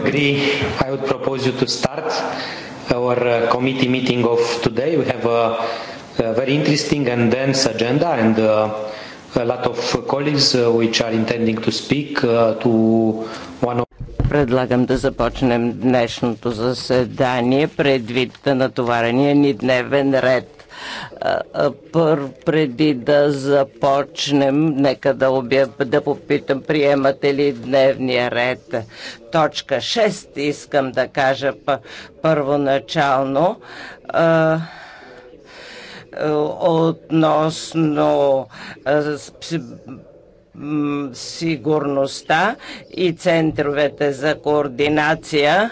agree, I would propose you to start our uh, committee meeting of today. We have a, a very interesting and dense agenda and uh, a lot of colleagues uh, which are intending to speak uh, to one of Предлагам да започнем днешното заседание предвид на натоварения ни дневен ред преди да започнем, нека да, обя... да попитам, приемате ли дневния ред. Точка 6 искам да кажа първоначално относно сигурността и центровете за координация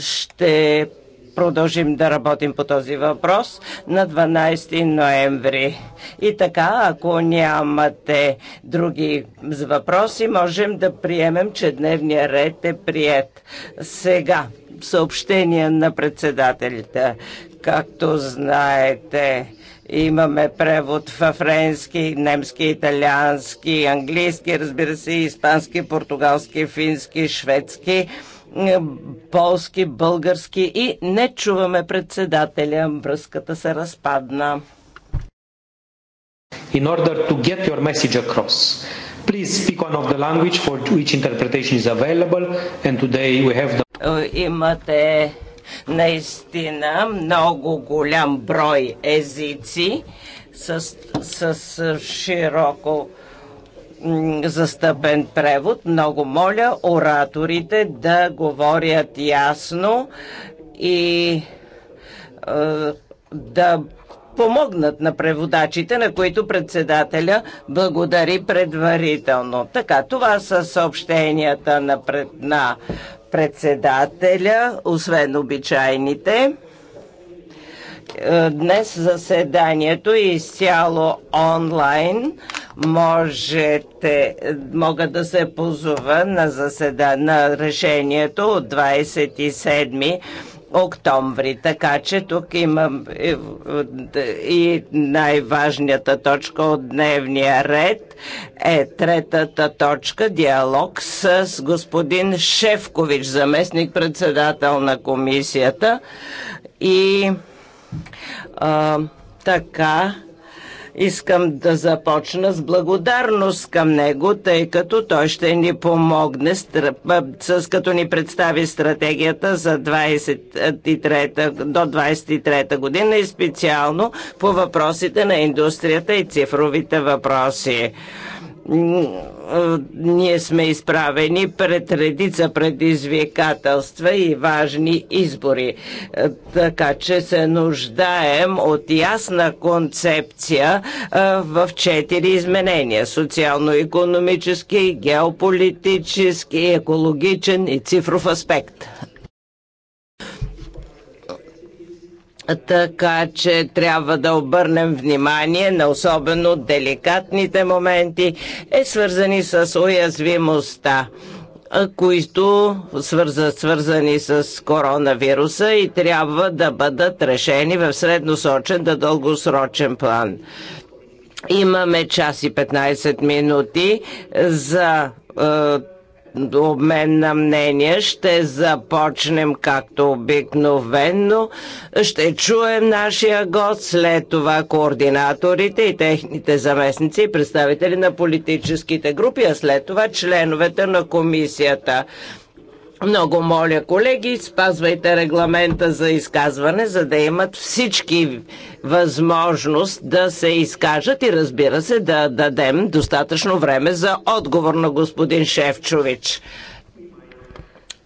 ще продължим да работим по този въпрос на 12 ноември. И така, ако нямате други въпроси, можем да приемем, че дневния ред е прият. Сега, съобщение на председателите. Както знаете, Имаме превод в френски, немски, италиански, английски, разбира се, испански, португалски, фински, шведски полски, български и не чуваме председателя. Връзката се разпадна. In order to get your message across, please speak one of the language for which interpretation is available and today we have the... Имате наистина много голям брой езици с, с широко застъпен превод. Много моля ораторите да говорят ясно и да помогнат на преводачите, на които председателя благодари предварително. Така, това са съобщенията на, пред, на председателя, освен обичайните. Е, днес заседанието е изцяло онлайн. Можете, мога да се позова на, заседа, на решението от 27 октомври. Така че тук имам е, е, и най-важната точка от дневния ред е третата точка диалог с господин Шевкович, заместник председател на комисията и а, така, Искам да започна с благодарност към него, тъй като той ще ни помогне с като ни представи стратегията за 23, до 23 година и специално по въпросите на индустрията и цифровите въпроси ние сме изправени пред редица предизвикателства и важни избори. Е, така че се нуждаем от ясна концепция е, в четири изменения. Социално-економически, геополитически, екологичен и цифров аспект. Така че трябва да обърнем внимание на особено деликатните моменти, е свързани с уязвимостта които свърза, свързани с коронавируса и трябва да бъдат решени в средносочен да дългосрочен план. Имаме час и 15 минути за обмен на мнения. Ще започнем както обикновенно. Ще чуем нашия гост, след това координаторите и техните заместници и представители на политическите групи, а след това членовете на комисията. Много моля, колеги, спазвайте регламента за изказване, за да имат всички възможност да се изкажат и разбира се да дадем достатъчно време за отговор на господин Шефчович.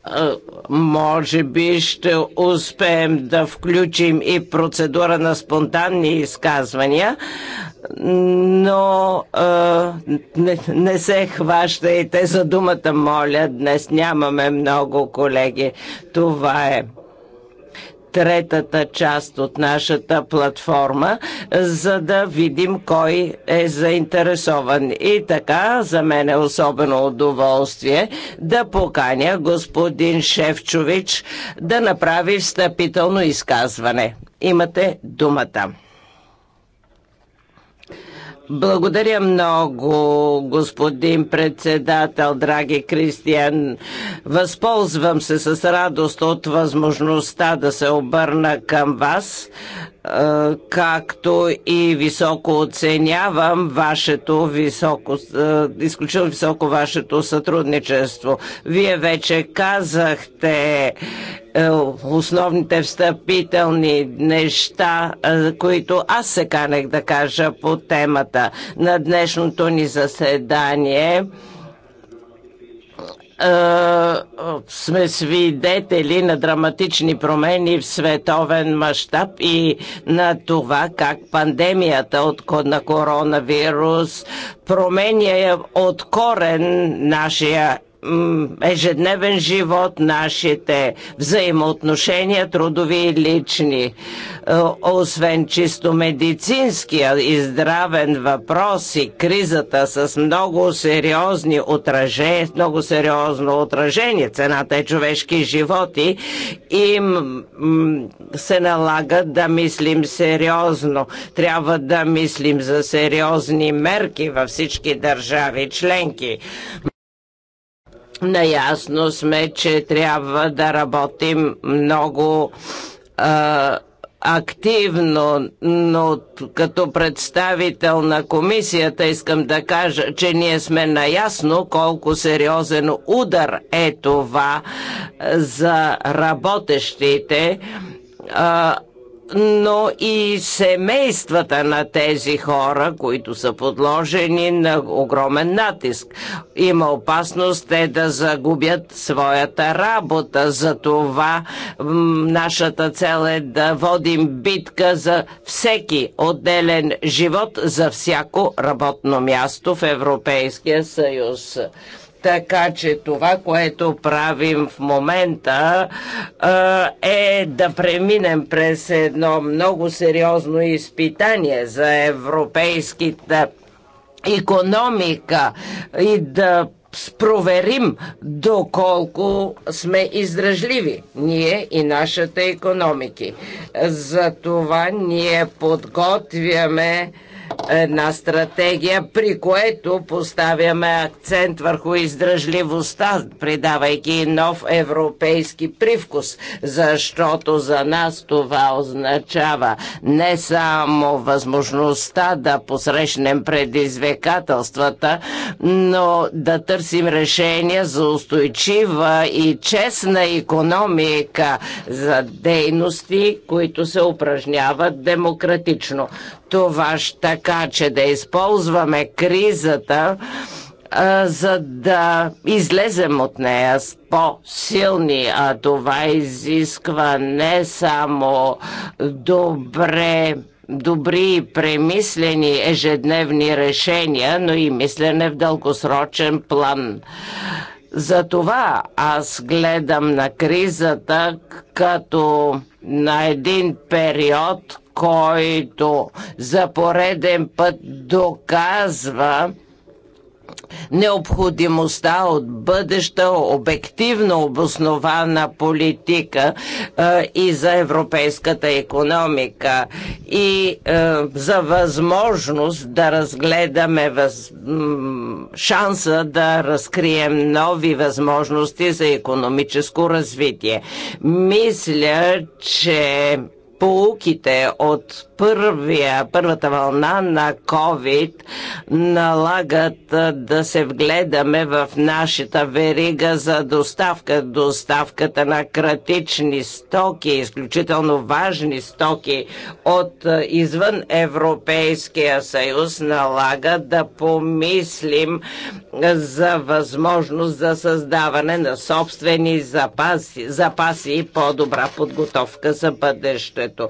Е, може би ще успеем да включим и процедура на спонтанни изказвания, но е, не, не се хващайте за думата, моля. Днес нямаме много колеги. Това е третата част от нашата платформа, за да видим кой е заинтересован. И така, за мен е особено удоволствие да поканя господин Шевчович да направи встъпително изказване. Имате думата. Благодаря много, господин председател, драги Кристиан. Възползвам се с радост от възможността да се обърна към вас, е, както и високо оценявам вашето високо, е, изключително високо вашето сътрудничество. Вие вече казахте е, основните встъпителни неща, е, които аз се канех да кажа по темата на днешното ни заседание е, сме свидетели на драматични промени в световен мащаб и на това как пандемията от, на коронавирус променя от корен нашия ежедневен живот, нашите взаимоотношения, трудови и лични. Е, освен чисто медицинския и здравен въпрос и кризата с много сериозни отражения, много сериозно отражение, цената е човешки животи, им се налага да мислим сериозно. Трябва да мислим за сериозни мерки във всички държави членки. Наясно сме, че трябва да работим много а, активно, но като представител на комисията искам да кажа, че ние сме наясно колко сериозен удар е това за работещите. А, но и семействата на тези хора, които са подложени на огромен натиск. Има опасност те да загубят своята работа. Затова нашата цел е да водим битка за всеки отделен живот, за всяко работно място в Европейския съюз. Така че това, което правим в момента е да преминем през едно много сериозно изпитание за европейските економика и да проверим доколко сме издръжливи ние и нашата економики. това ние подготвяме една стратегия, при което поставяме акцент върху издръжливостта, придавайки нов европейски привкус, защото за нас това означава не само възможността да посрещнем предизвикателствата, но да търсим решения за устойчива и честна економика за дейности, които се упражняват демократично това, така че да използваме кризата, а, за да излезем от нея по-силни, а това изисква не само добре добри и премислени ежедневни решения, но и мислене в дългосрочен план. Затова аз гледам на кризата като на един период, който за пореден път доказва необходимостта от бъдеща обективно обоснована политика а, и за европейската економика и а, за възможност да разгледаме въз, шанса да разкрием нови възможности за економическо развитие. Мисля, че поуките от първия, първата вълна на COVID налагат да се вгледаме в нашата верига за доставка. Доставката на кратични стоки, изключително важни стоки от извън Европейския съюз налага да помислим за възможност за създаване на собствени запаси, запаси и по-добра подготовка за бъдеще времето.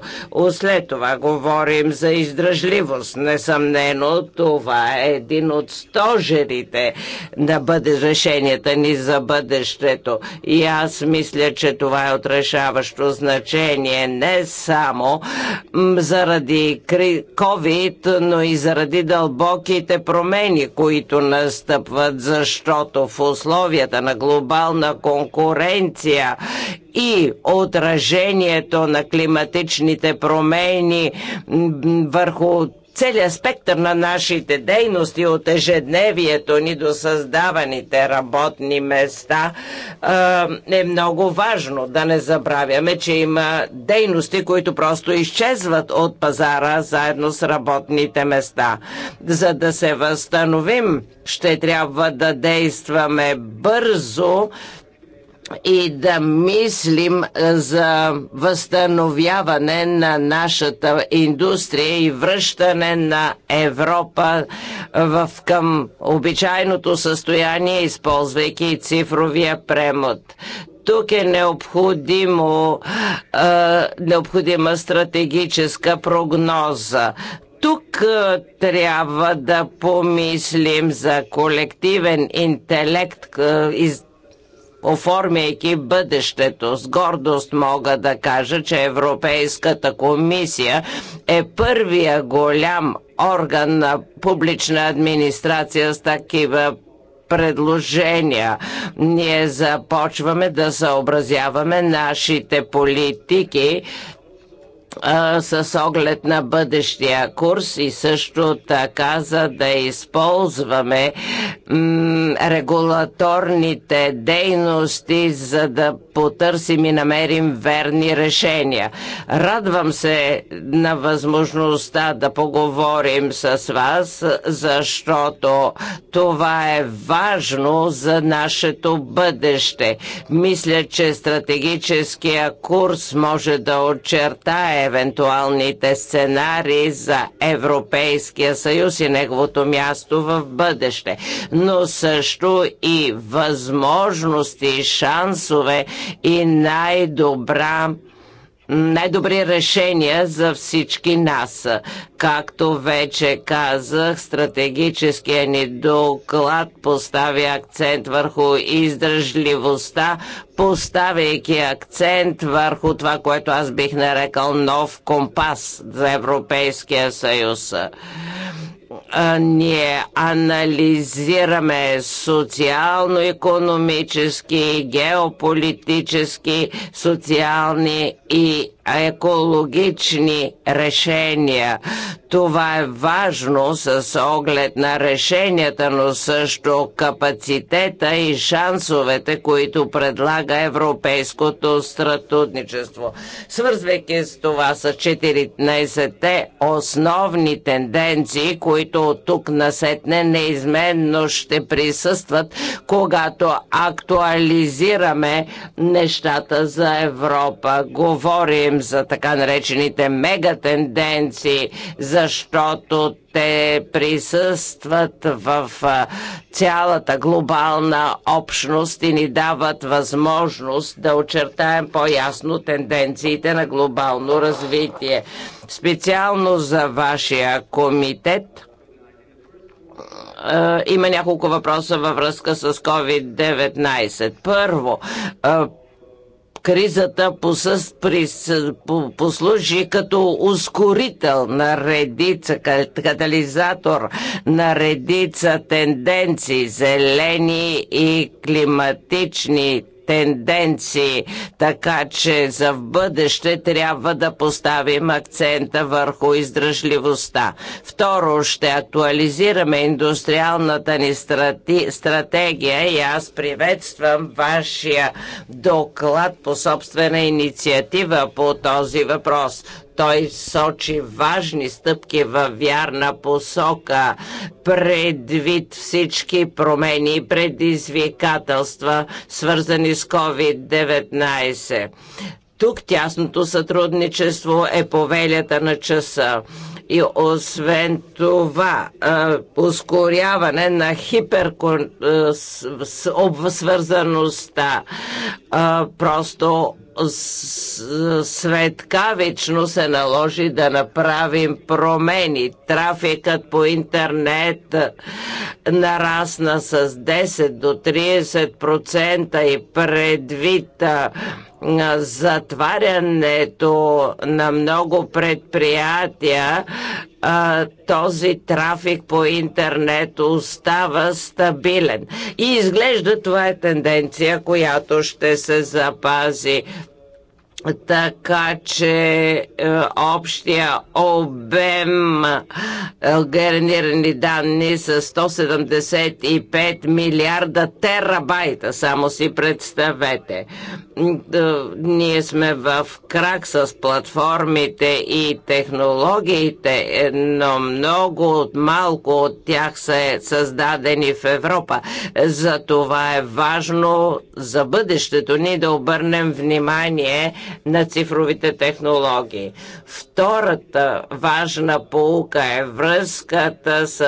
След това говорим за издръжливост. Несъмнено, това е един от стожерите на бъде решенията ни за бъдещето. И аз мисля, че това е отрешаващо значение не само заради COVID, но и заради дълбоките промени, които настъпват, защото в условията на глобална конкуренция и отражението на климатичните промени върху целият спектър на нашите дейности от ежедневието ни до създаваните работни места е много важно. Да не забравяме, че има дейности, които просто изчезват от пазара заедно с работните места. За да се възстановим, ще трябва да действаме бързо и да мислим за възстановяване на нашата индустрия и връщане на Европа в към обичайното състояние, използвайки цифровия премод тук е необходимо, е, необходима стратегическа прогноза. Тук е, трябва да помислим за колективен интелект, е, из, Оформяйки бъдещето, с гордост мога да кажа, че Европейската комисия е първия голям орган на публична администрация с такива предложения. Ние започваме да съобразяваме нашите политики а, с оглед на бъдещия курс и също така за да използваме регулаторните дейности, за да потърсим и намерим верни решения. Радвам се на възможността да поговорим с вас, защото това е важно за нашето бъдеще. Мисля, че стратегическия курс може да очертае евентуалните сценарии за Европейския съюз и неговото място в бъдеще, но също и възможности, шансове и най-добра най-добри решения за всички нас. Както вече казах, стратегическия ни доклад поставя акцент върху издържливостта, поставяйки акцент върху това, което аз бих нарекал нов компас за Европейския съюз ние анализираме социално-економически, геополитически, социални и екологични решения. Това е важно с оглед на решенията, но също капацитета и шансовете, които предлага европейското стратутничество. Свързвайки с това с 14-те основни тенденции, които от тук насетне неизменно ще присъстват, когато актуализираме нещата за Европа. Говорим говорим за така наречените мегатенденции, защото те присъстват в цялата глобална общност и ни дават възможност да очертаем по-ясно тенденциите на глобално развитие. Специално за вашия комитет има няколко въпроса във връзка с COVID-19. Първо, Кризата прис, по, послужи като ускорител на редица, катализатор на редица тенденции, зелени и климатични тенденции, така че за в бъдеще трябва да поставим акцента върху издръжливостта. Второ, ще актуализираме индустриалната ни страти, стратегия и аз приветствам вашия доклад по собствена инициатива по този въпрос. Той сочи важни стъпки във вярна посока, предвид всички промени и предизвикателства, свързани с COVID-19. Тук тясното сътрудничество е повелята на часа. И освен това, ускоряване на хиперсвързаността. Просто светка вечно се наложи да направим промени. Трафикът по интернет нарасна с 10 до 30% и предвид затварянето на много предприятия а, този трафик по интернет остава стабилен. И изглежда това е тенденция, която ще се запази така че е, общия обем е, генерирани данни са 175 милиарда терабайта, само си представете. Е, ние сме в крак с платформите и технологиите, но много от малко от тях са е създадени в Европа. Затова е важно за бъдещето ни да обърнем внимание на цифровите технологии. Втората важна полука е връзката с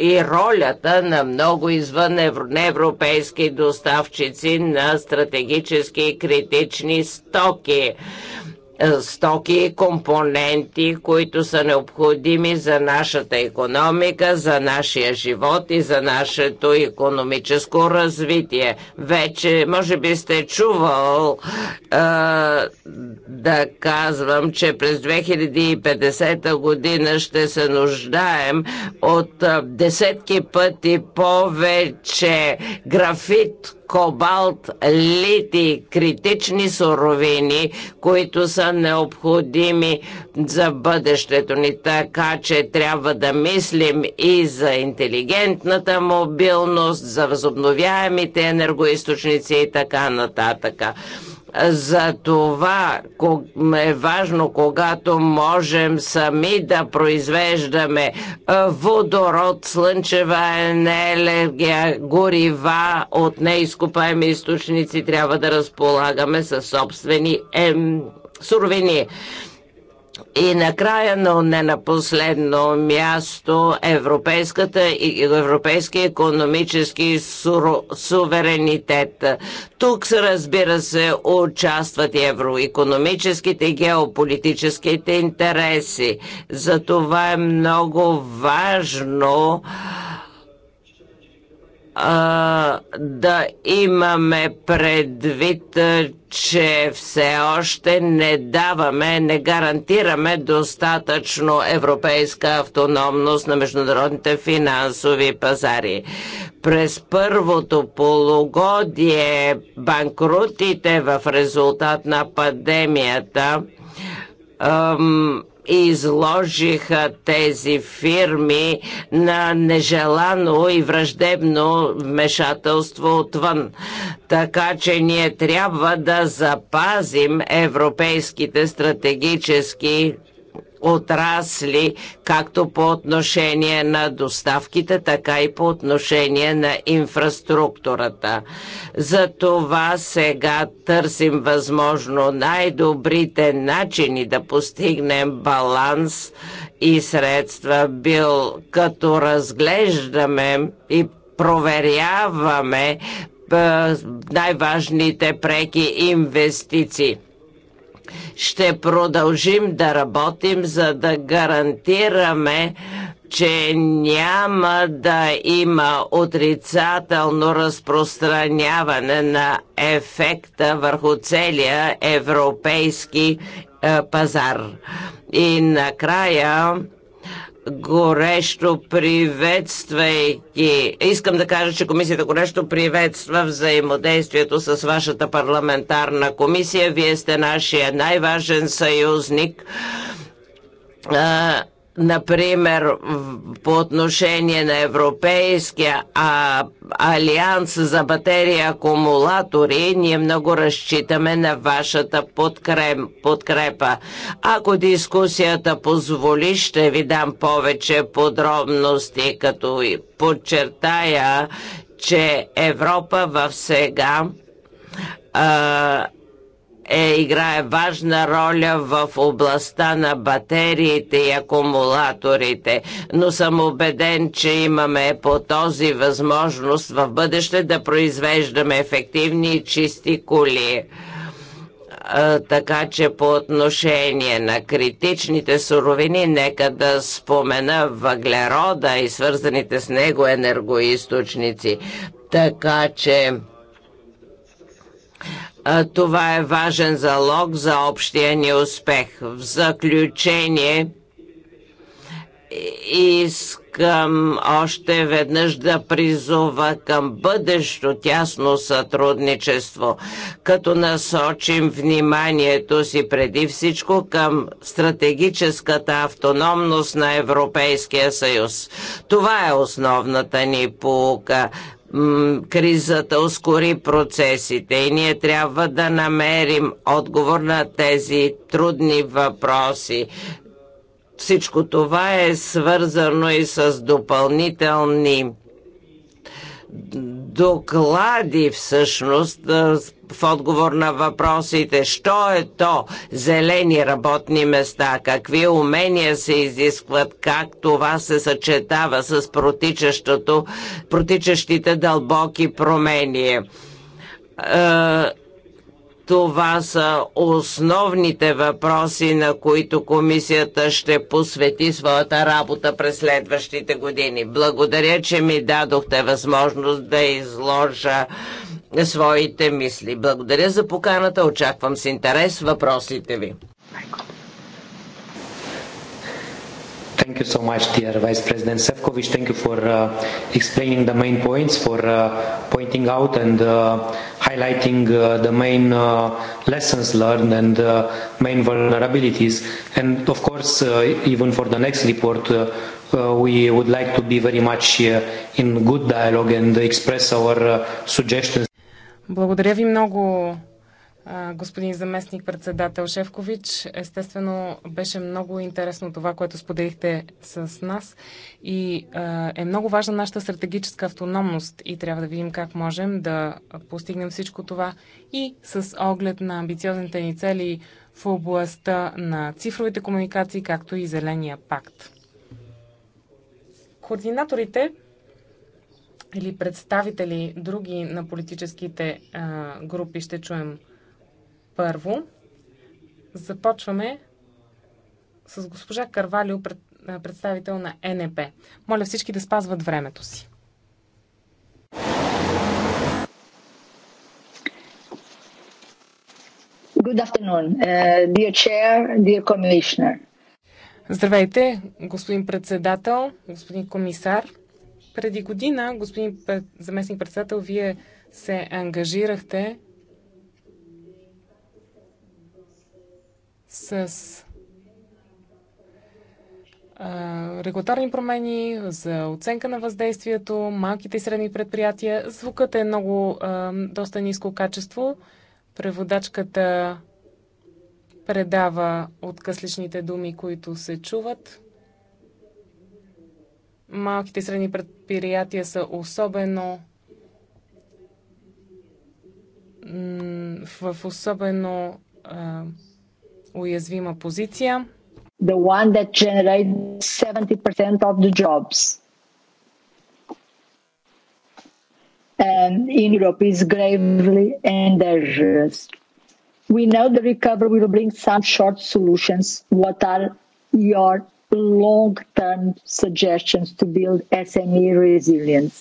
и ролята на много извън европейски доставчици на стратегически и критични стоки е, стоки и компоненти, които са необходими за нашата економика, за нашия живот и за нашето економическо развитие. Вече, може би сте чувал е, да казвам, че през 2050 година ще се нуждаем от е, десетки пъти повече графит, кобалт, лити, критични суровини, които са необходими за бъдещето ни. Така че трябва да мислим и за интелигентната мобилност, за възобновяемите енергоисточници и така нататък. За това е важно, когато можем сами да произвеждаме водород, слънчева енергия, горива от неизкопаеми източници, трябва да разполагаме със собствени е, суровини. И накрая, но не на последно място, европейската и европейски економически суверенитет. Тук, разбира се, участват евроекономическите и геополитическите интереси. Затова е много важно а, да имаме предвид, че все още не даваме, не гарантираме достатъчно европейска автономност на международните финансови пазари. През първото полугодие банкрутите в резултат на пандемията изложиха тези фирми на нежелано и враждебно вмешателство отвън. Така че ние трябва да запазим европейските стратегически отрасли, както по отношение на доставките, така и по отношение на инфраструктурата. За това сега търсим възможно най-добрите начини да постигнем баланс и средства бил, като разглеждаме и проверяваме най-важните преки инвестиции ще продължим да работим, за да гарантираме че няма да има отрицателно разпространяване на ефекта върху целия европейски е, пазар. И накрая горещо приветствайки. Искам да кажа, че комисията горещо приветства взаимодействието с вашата парламентарна комисия. Вие сте нашия най-важен съюзник Например, по отношение на Европейския а, алианс за батерии и акумулатори, ние много разчитаме на вашата подкреп, подкрепа. Ако дискусията позволи, ще ви дам повече подробности, като и подчертая, че Европа в сега а, е, играе важна роля в областта на батериите и акумулаторите, но съм убеден, че имаме по този възможност в бъдеще да произвеждаме ефективни и чисти коли така че по отношение на критичните суровини, нека да спомена въглерода и свързаните с него енергоисточници. Така че това е важен залог за общия ни успех. В заключение искам още веднъж да призова към бъдещо тясно сътрудничество, като насочим вниманието си преди всичко към стратегическата автономност на Европейския съюз. Това е основната ни полука кризата ускори процесите и ние трябва да намерим отговор на тези трудни въпроси. Всичко това е свързано и с допълнителни доклади всъщност в отговор на въпросите, що е то зелени работни места, какви умения се изискват, как това се съчетава с протичащите дълбоки промени това са основните въпроси, на които комисията ще посвети своята работа през следващите години. Благодаря, че ми дадохте възможност да изложа своите мисли. Благодаря за поканата, очаквам с интерес въпросите ви. Thank you so much, dear Vice President Sefcovic. Thank you for uh, explaining the main points, for uh, pointing out and uh, highlighting uh, the main uh, lessons learned and uh, main vulnerabilities. And of course, uh, even for the next report, uh, uh, we would like to be very much uh, in good dialogue and express our uh, suggestions. Благодаря ви много, господин заместник председател Шевкович. Естествено, беше много интересно това, което споделихте с нас и е много важна нашата стратегическа автономност и трябва да видим как можем да постигнем всичко това и с оглед на амбициозните ни цели в областта на цифровите комуникации, както и Зеления пакт. Координаторите или представители други на политическите групи ще чуем първо, започваме с госпожа Карвалио, представител на НП. Моля всички да спазват времето си. Good afternoon, uh, dear chair, dear commissioner. Здравейте, господин председател, господин комисар. Преди година, господин заместник председател, вие се ангажирахте с регулаторни промени, за оценка на въздействието, малките и средни предприятия. Звукът е много доста ниско качество. Преводачката предава откъсличните думи, които се чуват. Малките и средни предприятия са особено в особено уязвима позиция. The one that generates 70% of the jobs. And in Europe is gravely endangered. We know the recovery will bring some short solutions. What are your long-term suggestions to build SME resilience?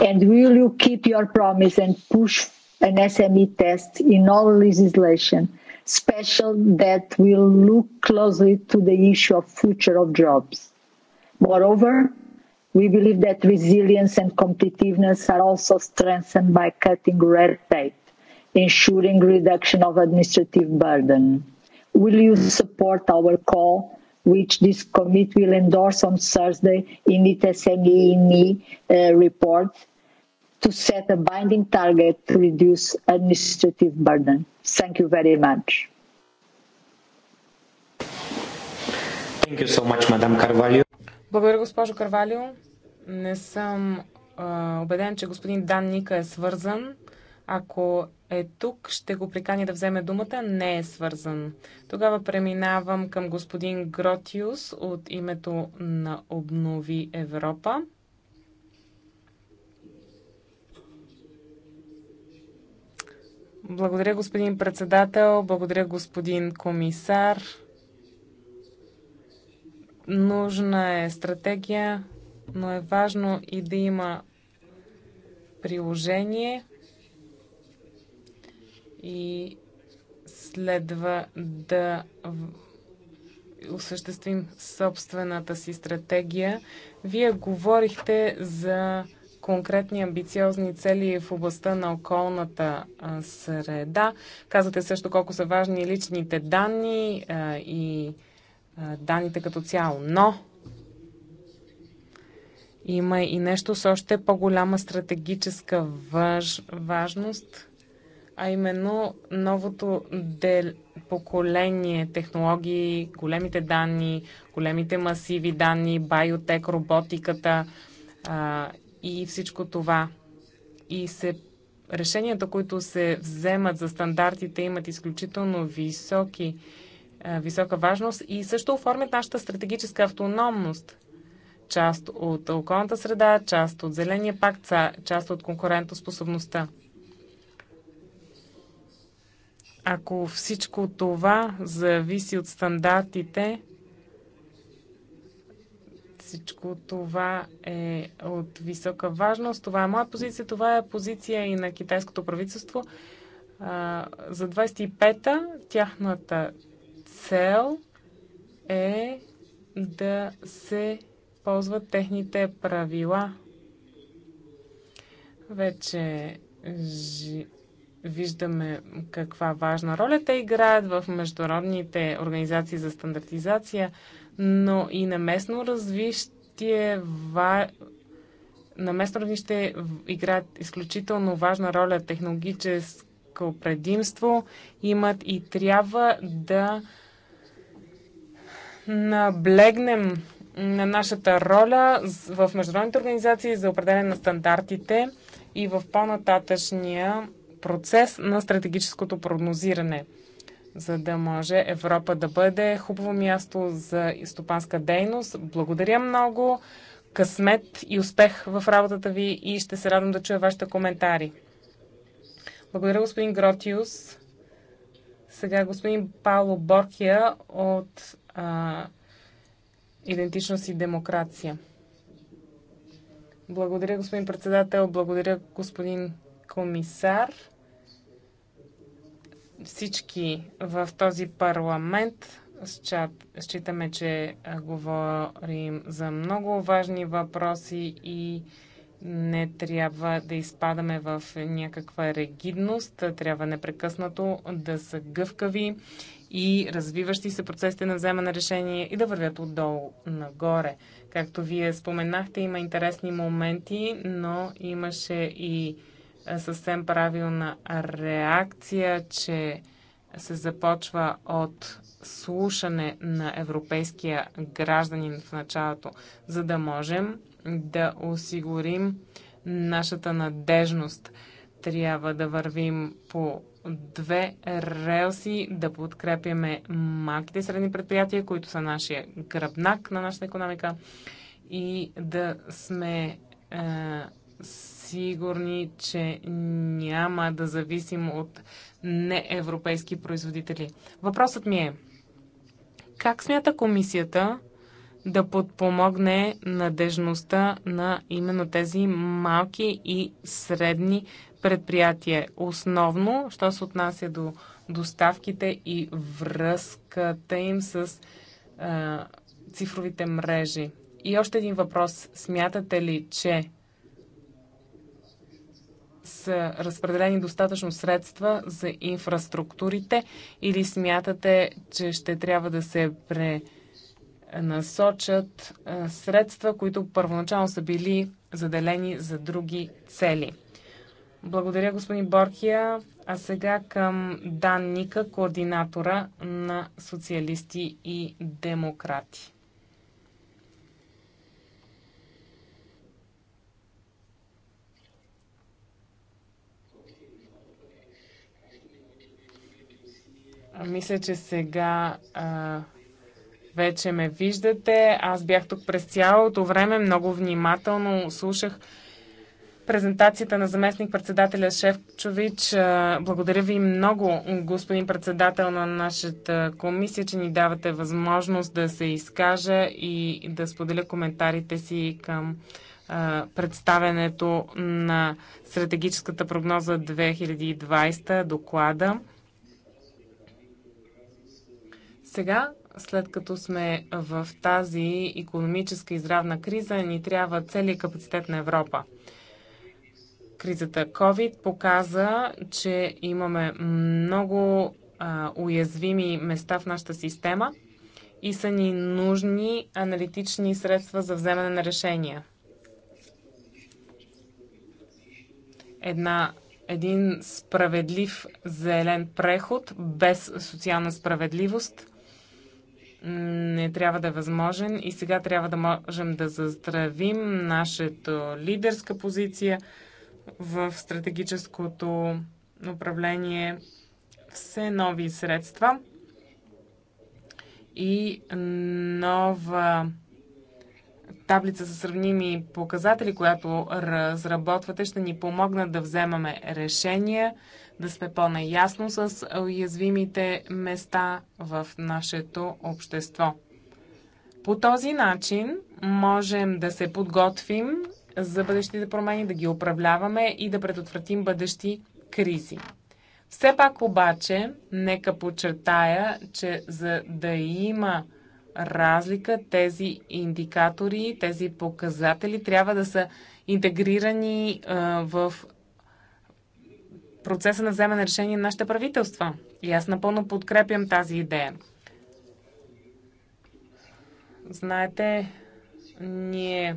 And will you keep your promise and push an SME test in all legislation special that will look closely to the issue of future of jobs. Moreover, we believe that resilience and competitiveness are also strengthened by cutting red tape, ensuring reduction of administrative burden. Will you support our call, which this committee will endorse on Thursday in its SME uh, report to set a binding target to reduce administrative burden. Thank you very much. Thank you so much, Madam Carvalho. Благодаря, госпожо Карвалио. Не съм а, убеден, че господин Дан Ника е свързан. Ако е тук, ще го прикани да вземе думата. Не е свързан. Тогава преминавам към господин Гротиус от името на Обнови Европа. Благодаря, господин председател. Благодаря, господин комисар. Нужна е стратегия, но е важно и да има приложение и следва да осъществим собствената си стратегия. Вие говорихте за конкретни амбициозни цели в областта на околната среда. Казвате също колко са важни личните данни и данните като цяло. Но има и нещо с още по-голяма стратегическа важ, важност, а именно новото дел, поколение технологии, големите данни, големите масиви данни, биотек, роботиката а, и всичко това. И се, решенията, които се вземат за стандартите, имат изключително високи, висока важност и също оформят нашата стратегическа автономност. Част от околната среда, част от зеления пакт, част от конкурентоспособността. Ако всичко това зависи от стандартите, всичко това е от висока важност. Това е моя позиция, това е позиция и на китайското правителство. За 25-та тяхната цел е да се ползват техните правила. Вече жи... виждаме каква важна роля те играят в международните организации за стандартизация, но и на местно развитие на местно равнище играят изключително важна роля технологическо предимство имат и трябва да наблегнем на нашата роля в международните организации за определене на стандартите и в по-нататъчния процес на стратегическото прогнозиране за да може Европа да бъде хубаво място за стопанска дейност. Благодаря много. Късмет и успех в работата ви и ще се радвам да чуя вашите коментари. Благодаря, господин Гротиус. Сега господин Пауло Боркия от а, Идентичност и демокрация. Благодаря, господин председател. Благодаря, господин комисар всички в този парламент. Считаме, че говорим за много важни въпроси и не трябва да изпадаме в някаква регидност. Трябва непрекъснато да са гъвкави и развиващи се процесите на вземане решение и да вървят отдолу нагоре. Както вие споменахте, има интересни моменти, но имаше и е съвсем правилна реакция, че се започва от слушане на европейския гражданин в началото, за да можем да осигурим нашата надежност. Трябва да вървим по две релси, да подкрепяме малките и средни предприятия, които са нашия гръбнак на нашата економика и да сме е, сигурни, че няма да зависим от неевропейски производители. Въпросът ми е, как смята комисията да подпомогне надежността на именно тези малки и средни предприятия? Основно, що се отнася до доставките и връзката им с а, цифровите мрежи. И още един въпрос. Смятате ли, че са разпределени достатъчно средства за инфраструктурите или смятате, че ще трябва да се пренасочат средства, които първоначално са били заделени за други цели? Благодаря, господин Борхия. А сега към Дан Ника, координатора на социалисти и демократи. Мисля, че сега а, вече ме виждате. Аз бях тук през цялото време, много внимателно слушах презентацията на заместник-председателя Шефчович. Благодаря ви много, господин председател на нашата комисия, че ни давате възможност да се изкажа и да споделя коментарите си към представенето на стратегическата прогноза 2020 доклада. Сега, след като сме в тази економическа и здравна криза, ни трябва целият капацитет на Европа. Кризата COVID показа, че имаме много а, уязвими места в нашата система и са ни нужни аналитични средства за вземане на решения. Една един справедлив зелен преход без социална справедливост не трябва да е възможен и сега трябва да можем да заздравим нашата лидерска позиция в стратегическото управление все нови средства и нова таблица за сравними показатели, която разработвате, ще ни помогна да вземаме решения да сме по-наясно с уязвимите места в нашето общество. По този начин можем да се подготвим за бъдещите промени, да ги управляваме и да предотвратим бъдещи кризи. Все пак обаче, нека подчертая, че за да има разлика, тези индикатори, тези показатели трябва да са интегрирани а, в процеса на вземане решение на нашите правителства. И аз напълно подкрепям тази идея. Знаете, ние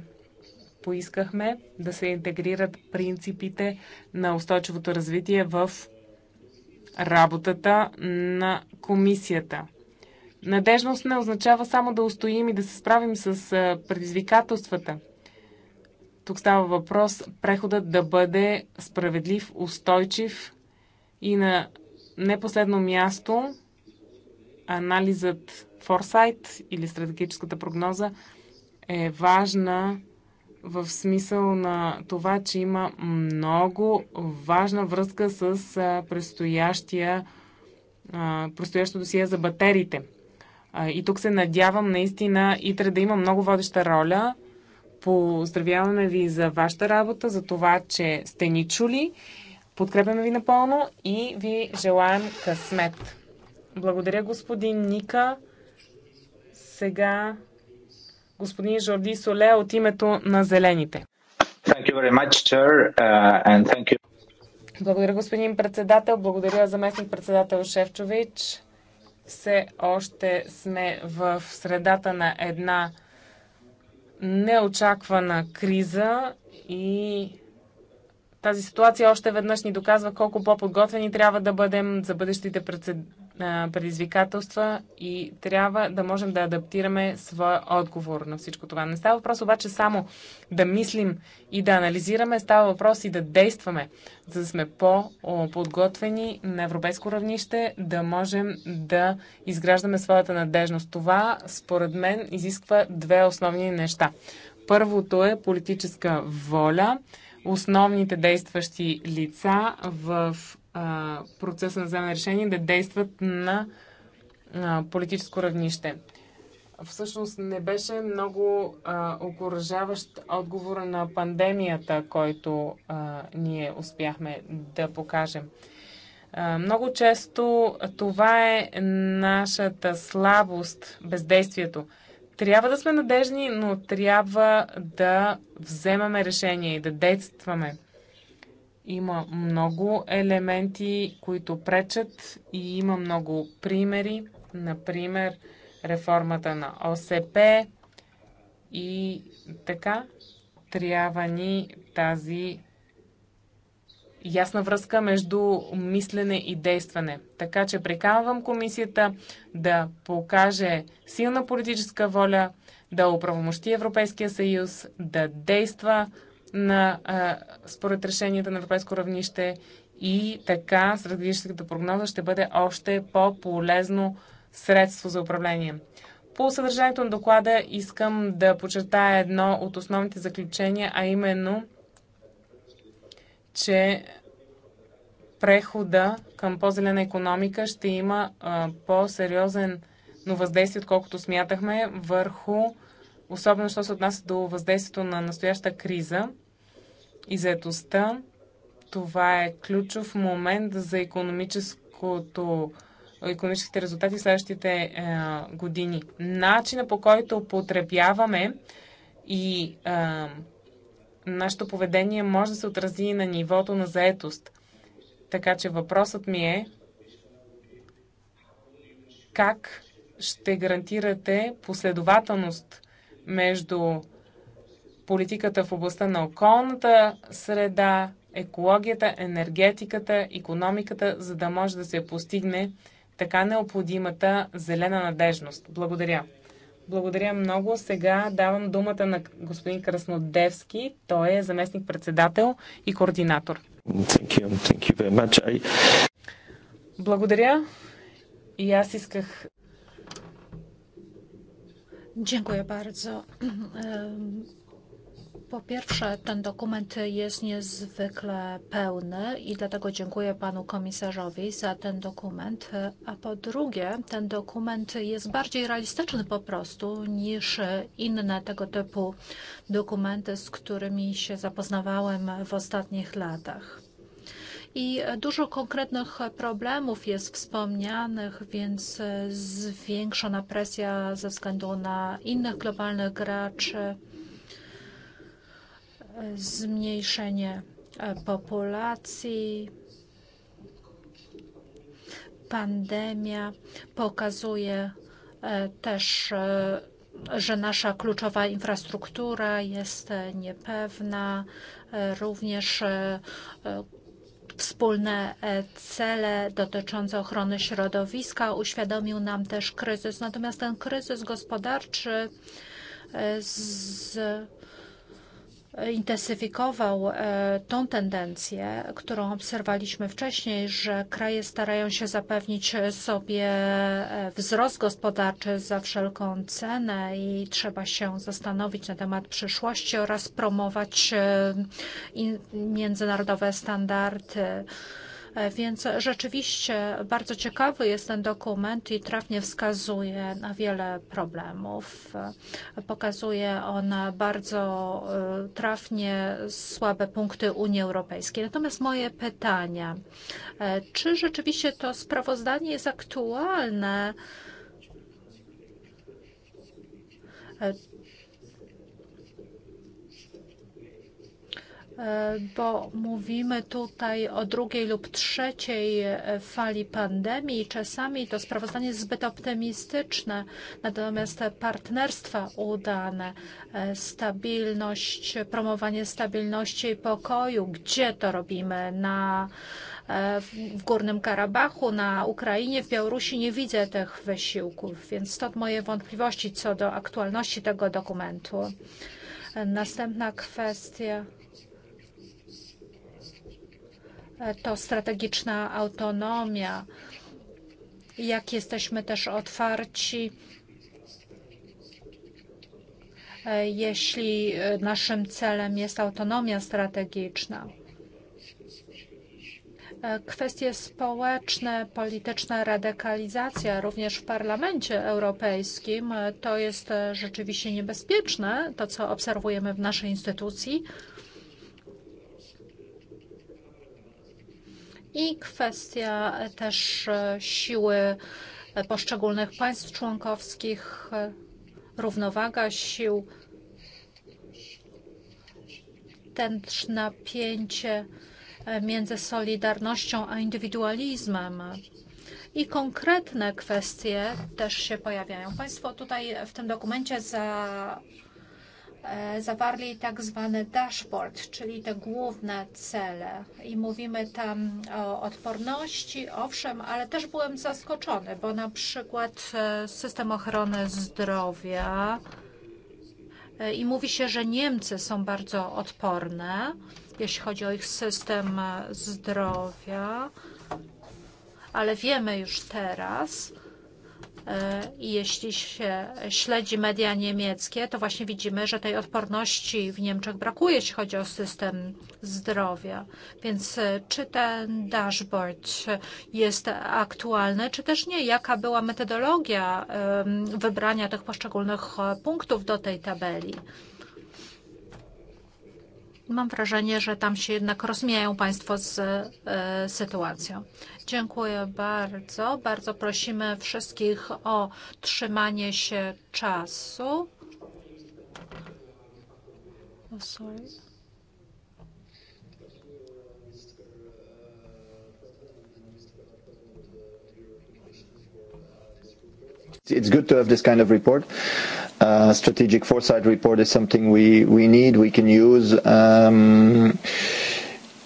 поискахме да се интегрират принципите на устойчивото развитие в работата на комисията. Надежност не означава само да устоим и да се справим с предизвикателствата. Тук става въпрос преходът да бъде справедлив, устойчив и на непоследно място анализът форсайт или стратегическата прогноза е важна в смисъл на това, че има много важна връзка с предстоящия, предстоящо досие за батериите. И тук се надявам наистина ИТРА да има много водеща роля – Поздравяваме ви за вашата работа, за това, че сте ни чули. Подкрепяме ви напълно и ви желаем късмет. Благодаря, господин Ника. Сега господин Жорди Соле от името на Зелените. Much, uh, благодаря, господин председател. Благодаря, заместник председател Шевчович. Все още сме в средата на една неочаквана криза и тази ситуация още веднъж ни доказва колко по-подготвени трябва да бъдем за бъдещите предизвикателства и трябва да можем да адаптираме своя отговор на всичко това. Не става въпрос обаче само да мислим и да анализираме, става въпрос и да действаме, за да сме по-подготвени на европейско равнище, да можем да изграждаме своята надежност. Това, според мен, изисква две основни неща. Първото е политическа воля, основните действащи лица в процеса на вземане решение, да действат на а, политическо равнище. Всъщност не беше много окоръжаващ отговор на пандемията, който а, ние успяхме да покажем. Много често това е нашата слабост, бездействието. Трябва да сме надежни, но трябва да вземаме решение и да действаме. Има много елементи, които пречат и има много примери. Например, реформата на ОСП и така трябва ни тази ясна връзка между мислене и действане. Така че приканвам комисията да покаже силна политическа воля, да оправомощи Европейския съюз, да действа на, а, според решенията на европейско равнище и така стратегическата прогноза ще бъде още по-полезно средство за управление. По съдържанието на доклада искам да подчертая едно от основните заключения, а именно, че прехода към по-зелена економика ще има по-сериозен но въздействие, отколкото смятахме, върху, особено що се отнася до въздействието на настояща криза и заедостта. Това е ключов момент за економическото економическите резултати в следващите е, години. Начина по който потребяваме и е, нашето поведение може да се отрази на нивото на заетост. Така че въпросът ми е как ще гарантирате последователност между политиката в областта на околната среда, екологията, енергетиката, економиката, за да може да се постигне така необходимата зелена надежност. Благодаря. Благодаря много. Сега давам думата на господин Краснодевски. Той е заместник-председател и координатор. Thank you. Thank you very much. I... Благодаря. И аз исках. Дякую, bardzo. Po pierwsze, ten dokument jest niezwykle pełny i dlatego dziękuję panu komisarzowi za ten dokument. A po drugie, ten dokument jest bardziej realistyczny po prostu niż inne tego typu dokumenty, z którymi się zapoznawałem w ostatnich latach. I dużo konkretnych problemów jest wspomnianych, więc zwiększona presja ze względu na innych globalnych graczy zmniejszenie populacji. Pandemia pokazuje też, że nasza kluczowa infrastruktura jest niepewna, również wspólne cele dotyczące ochrony środowiska uświadomił nam też kryzys. Natomiast ten kryzys gospodarczy z intensyfikował tą tendencję, którą obserwowaliśmy wcześniej, że kraje starają się zapewnić sobie wzrost gospodarczy za wszelką cenę i trzeba się zastanowić na temat przyszłości oraz promować międzynarodowe standardy. Więc rzeczywiście bardzo ciekawy jest ten dokument i trafnie wskazuje na wiele problemów. Pokazuje on bardzo trafnie słabe punkty Unii Europejskiej. Natomiast moje pytanie, czy rzeczywiście to sprawozdanie jest aktualne? bo mówimy tutaj o drugiej lub trzeciej fali pandemii. Czasami to sprawozdanie jest zbyt optymistyczne, natomiast partnerstwa udane, stabilność, promowanie stabilności i pokoju, gdzie to robimy? Na w Górnym Karabachu, na Ukrainie, w Białorusi nie widzę tych wysiłków, więc stąd moje wątpliwości co do aktualności tego dokumentu. Następna kwestia to strategiczna autonomia, jak jesteśmy też otwarci, jeśli naszym celem jest autonomia strategiczna. Kwestie społeczne, polityczna radykalizacja również w Parlamencie Europejskim to jest rzeczywiście niebezpieczne, to co obserwujemy w naszej instytucji. i kwestia też siły poszczególnych państw członkowskich, równowaga sił, też napięcie między solidarnością a indywidualizmem. I konkretne kwestie też się pojawiają. Państwo tutaj w tym dokumencie za zawarli tak zwany dashboard, czyli te główne cele. I mówimy tam o odporności, owszem, ale też byłem zaskoczony, bo na przykład system ochrony zdrowia i mówi się, że Niemcy są bardzo odporne, jeśli chodzi o ich system zdrowia, ale wiemy już teraz, jeśli się śledzi media niemieckie, to właśnie widzimy, że tej odporności w Niemczech brakuje, jeśli chodzi o system zdrowia. Więc czy ten dashboard jest aktualny, czy też nie? Jaka była metodologia wybrania tych poszczególnych punktów do tej tabeli? mam wrażenie, że tam się jednak rozmijają Państwo z y, sytuacją. Dziękuję bardzo. Bardzo prosimy wszystkich o trzymanie się czasu. Oh, sorry. It's good to have this kind of report uh, strategic foresight report is something we, we need, we can use. Um,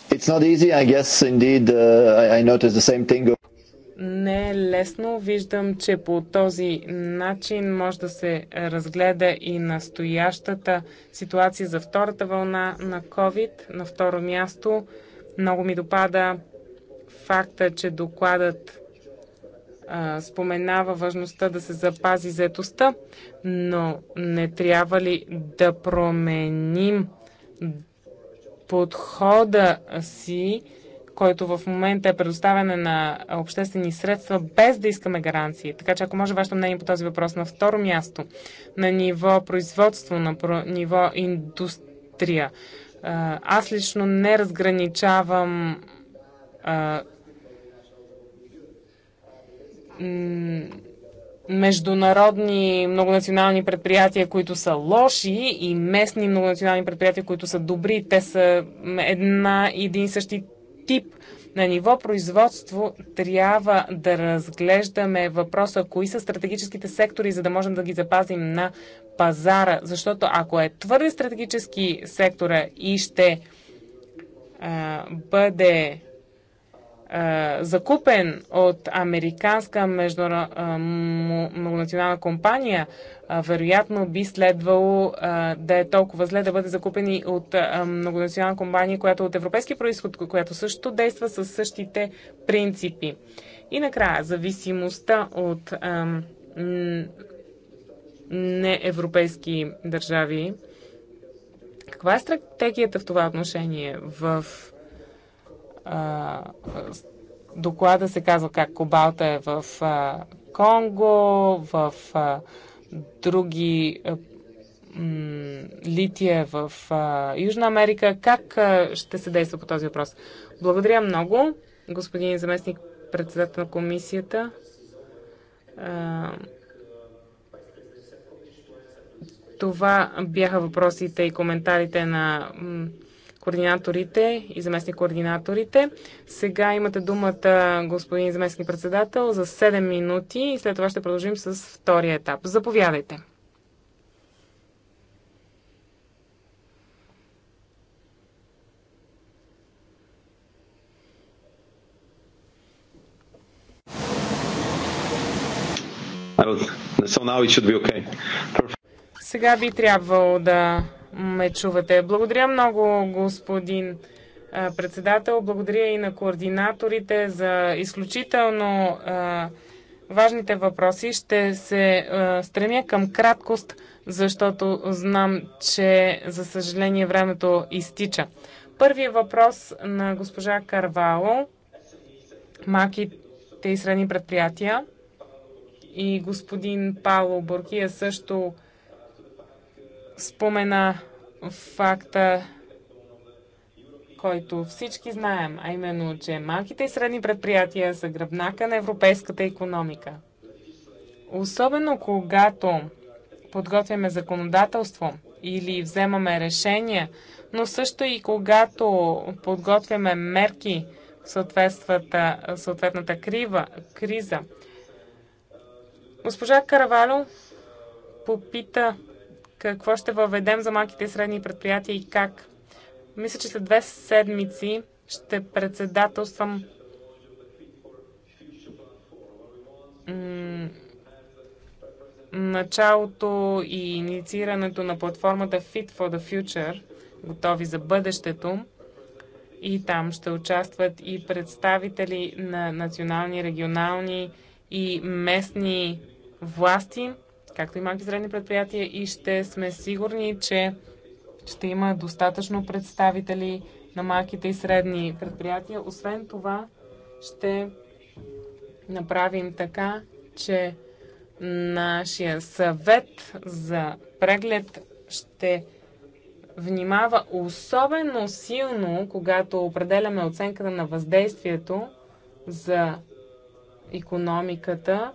it's not easy, I guess, indeed. Uh, I, I noticed the same thing. Не е лесно. Виждам, че по този начин може да се разгледа и настоящата ситуация за втората вълна на COVID. На второ място много ми допада факта, че докладът а, споменава важността да се запази заетостта, но не трябва ли да променим подхода си, който в момента е предоставяне на обществени средства, без да искаме гаранции. Така че ако може вашето мнение по този въпрос на второ място, на ниво производство, на ниво индустрия, аз лично не разграничавам международни многонационални предприятия, които са лоши и местни многонационални предприятия, които са добри. Те са една един същи тип. На ниво производство трябва да разглеждаме въпроса кои са стратегическите сектори, за да можем да ги запазим на пазара. Защото ако е твърде стратегически сектора и ще а, бъде закупен от американска многонационална компания, вероятно би следвало да е толкова зле да бъде закупен и от многонационална компания, която е от европейски происход, която също действа с същите принципи. И накрая, зависимостта от неевропейски държави. Каква е стратегията в това отношение в а, доклада се казва как кобалта е в а, Конго, в а, други а, лития е в а, Южна Америка. Как а, ще се действа по този въпрос? Благодаря много, господин заместник председател на комисията. А, това бяха въпросите и коментарите на координаторите и заместник координаторите. Сега имате думата, господин заместник председател, за 7 минути и след това ще продължим с втория етап. Заповядайте. Е Сега би трябвало да ме чувате. Благодаря много, господин председател. Благодаря и на координаторите за изключително а, важните въпроси. Ще се а, стремя към краткост, защото знам, че за съжаление времето изтича. Първият въпрос на госпожа Карвало, малките и средни предприятия и господин Пало Буркия също спомена факта, който всички знаем, а именно, че малките и средни предприятия са гръбнака на европейската економика. Особено когато подготвяме законодателство или вземаме решения, но също и когато подготвяме мерки в съответната крива, криза. Госпожа Каравало попита какво ще въведем за малките и средни предприятия и как. Мисля, че след две седмици ще председателствам началото и инициирането на платформата Fit for the Future, готови за бъдещето. И там ще участват и представители на национални, регионални и местни власти, както и малки и средни предприятия и ще сме сигурни, че ще има достатъчно представители на малките и средни предприятия. Освен това, ще направим така, че нашия съвет за преглед ще внимава особено силно, когато определяме оценката на въздействието за економиката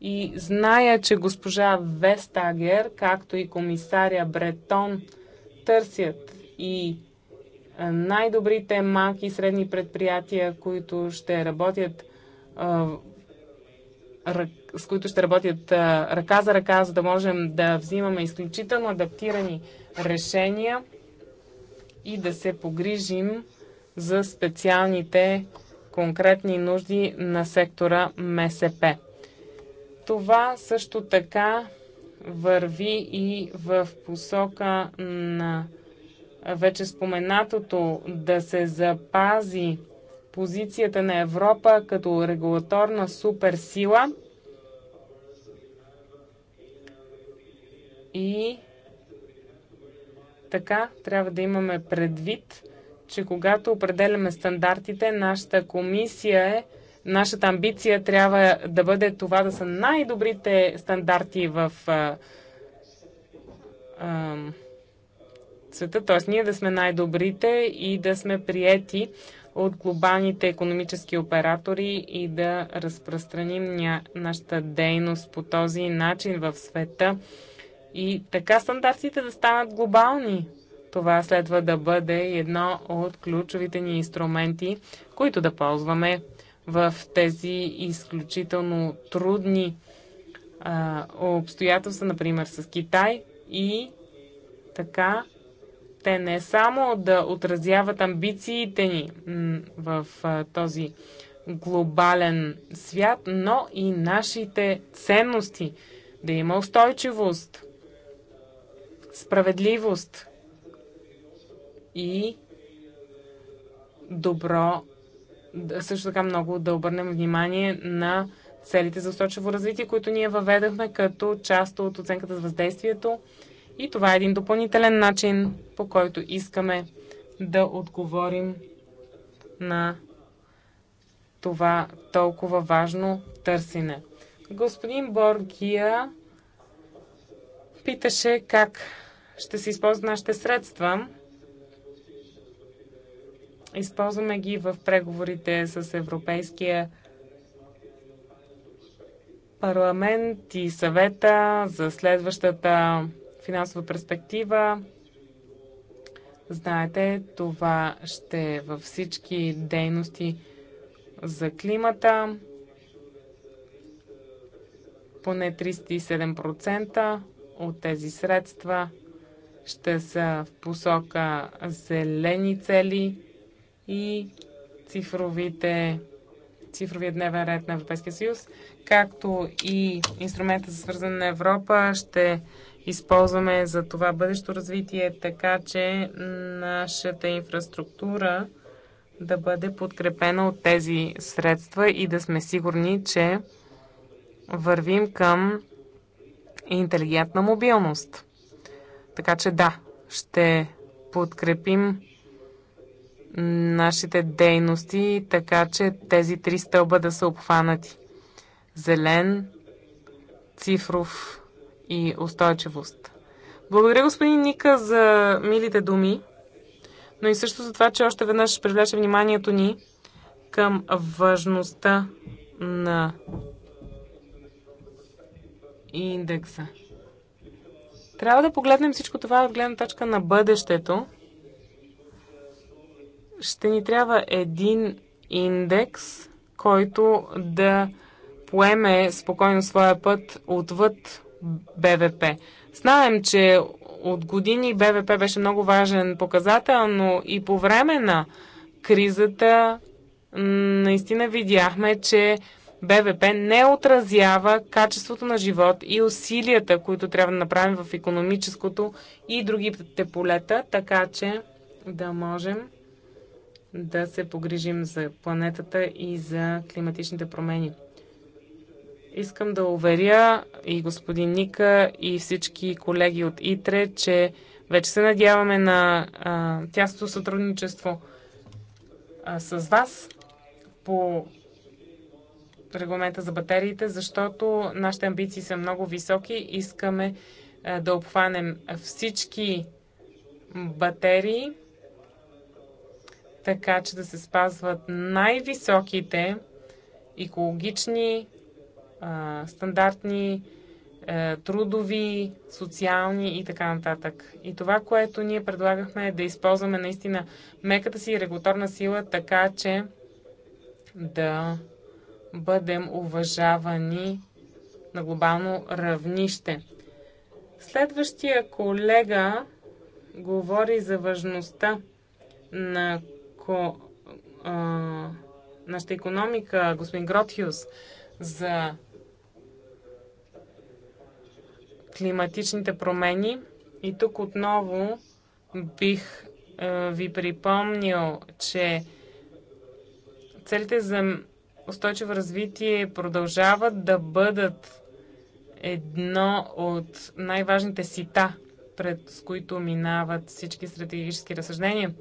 и зная, че госпожа Вестагер, както и комисаря Бретон, търсят и е, най-добрите малки и средни предприятия, които ще работят е, с които ще работят е, ръка за ръка, за да можем да взимаме изключително адаптирани решения и да се погрижим за специалните конкретни нужди на сектора МСП. Това също така върви и в посока на вече споменатото да се запази позицията на Европа като регулаторна суперсила и така трябва да имаме предвид, че когато определяме стандартите, нашата комисия е Нашата амбиция трябва да бъде това да са най-добрите стандарти в а, а, света, т.е. ние да сме най-добрите и да сме приети от глобалните економически оператори и да разпространим ня, нашата дейност по този начин в света. И така стандартите да станат глобални. Това следва да бъде едно от ключовите ни инструменти, които да ползваме в тези изключително трудни а, обстоятелства, например с Китай и така те не само да отразяват амбициите ни в а, този глобален свят, но и нашите ценности. Да има устойчивост, справедливост и добро също така много да обърнем внимание на целите за устойчиво развитие, които ние въведахме като част от оценката за въздействието. И това е един допълнителен начин, по който искаме да отговорим на това толкова важно търсене. Господин Боргия питаше как ще се използват нашите средства. Използваме ги в преговорите с Европейския парламент и съвета за следващата финансова перспектива. Знаете, това ще е във всички дейности за климата. Поне 37% от тези средства ще са в посока зелени цели и цифровите, цифровия дневен ред на Европейския съюз, както и инструмента за свързане на Европа ще използваме за това бъдещо развитие, така че нашата инфраструктура да бъде подкрепена от тези средства и да сме сигурни, че вървим към интелигентна мобилност. Така че да, ще подкрепим нашите дейности, така че тези три стълба да са обхванати. Зелен, цифров и устойчивост. Благодаря, господин Ника, за милите думи, но и също за това, че още веднъж привлече вниманието ни към важността на индекса. Трябва да погледнем всичко това от гледна точка на бъдещето, ще ни трябва един индекс, който да поеме спокойно своя път отвъд БВП. Знаем, че от години БВП беше много важен показател, но и по време на кризата наистина видяхме, че БВП не отразява качеството на живот и усилията, които трябва да направим в економическото и другите полета, така че да можем да се погрижим за планетата и за климатичните промени. Искам да уверя и господин Ника, и всички колеги от ИТРЕ, че вече се надяваме на тясното сътрудничество а, с вас по регламента за батериите, защото нашите амбиции са много високи. Искаме а, да обхванем всички батерии така че да се спазват най-високите екологични, а, стандартни, а, е, трудови, социални и така нататък. И това, което ние предлагахме е да използваме наистина меката си регуторна сила, така че да бъдем уважавани на глобално равнище. Следващия колега говори за важността на ко, а, нашата економика, господин Гротхиус, за климатичните промени. И тук отново бих а, ви припомнил, че целите за устойчиво развитие продължават да бъдат едно от най-важните сита, пред които минават всички стратегически разсъждения –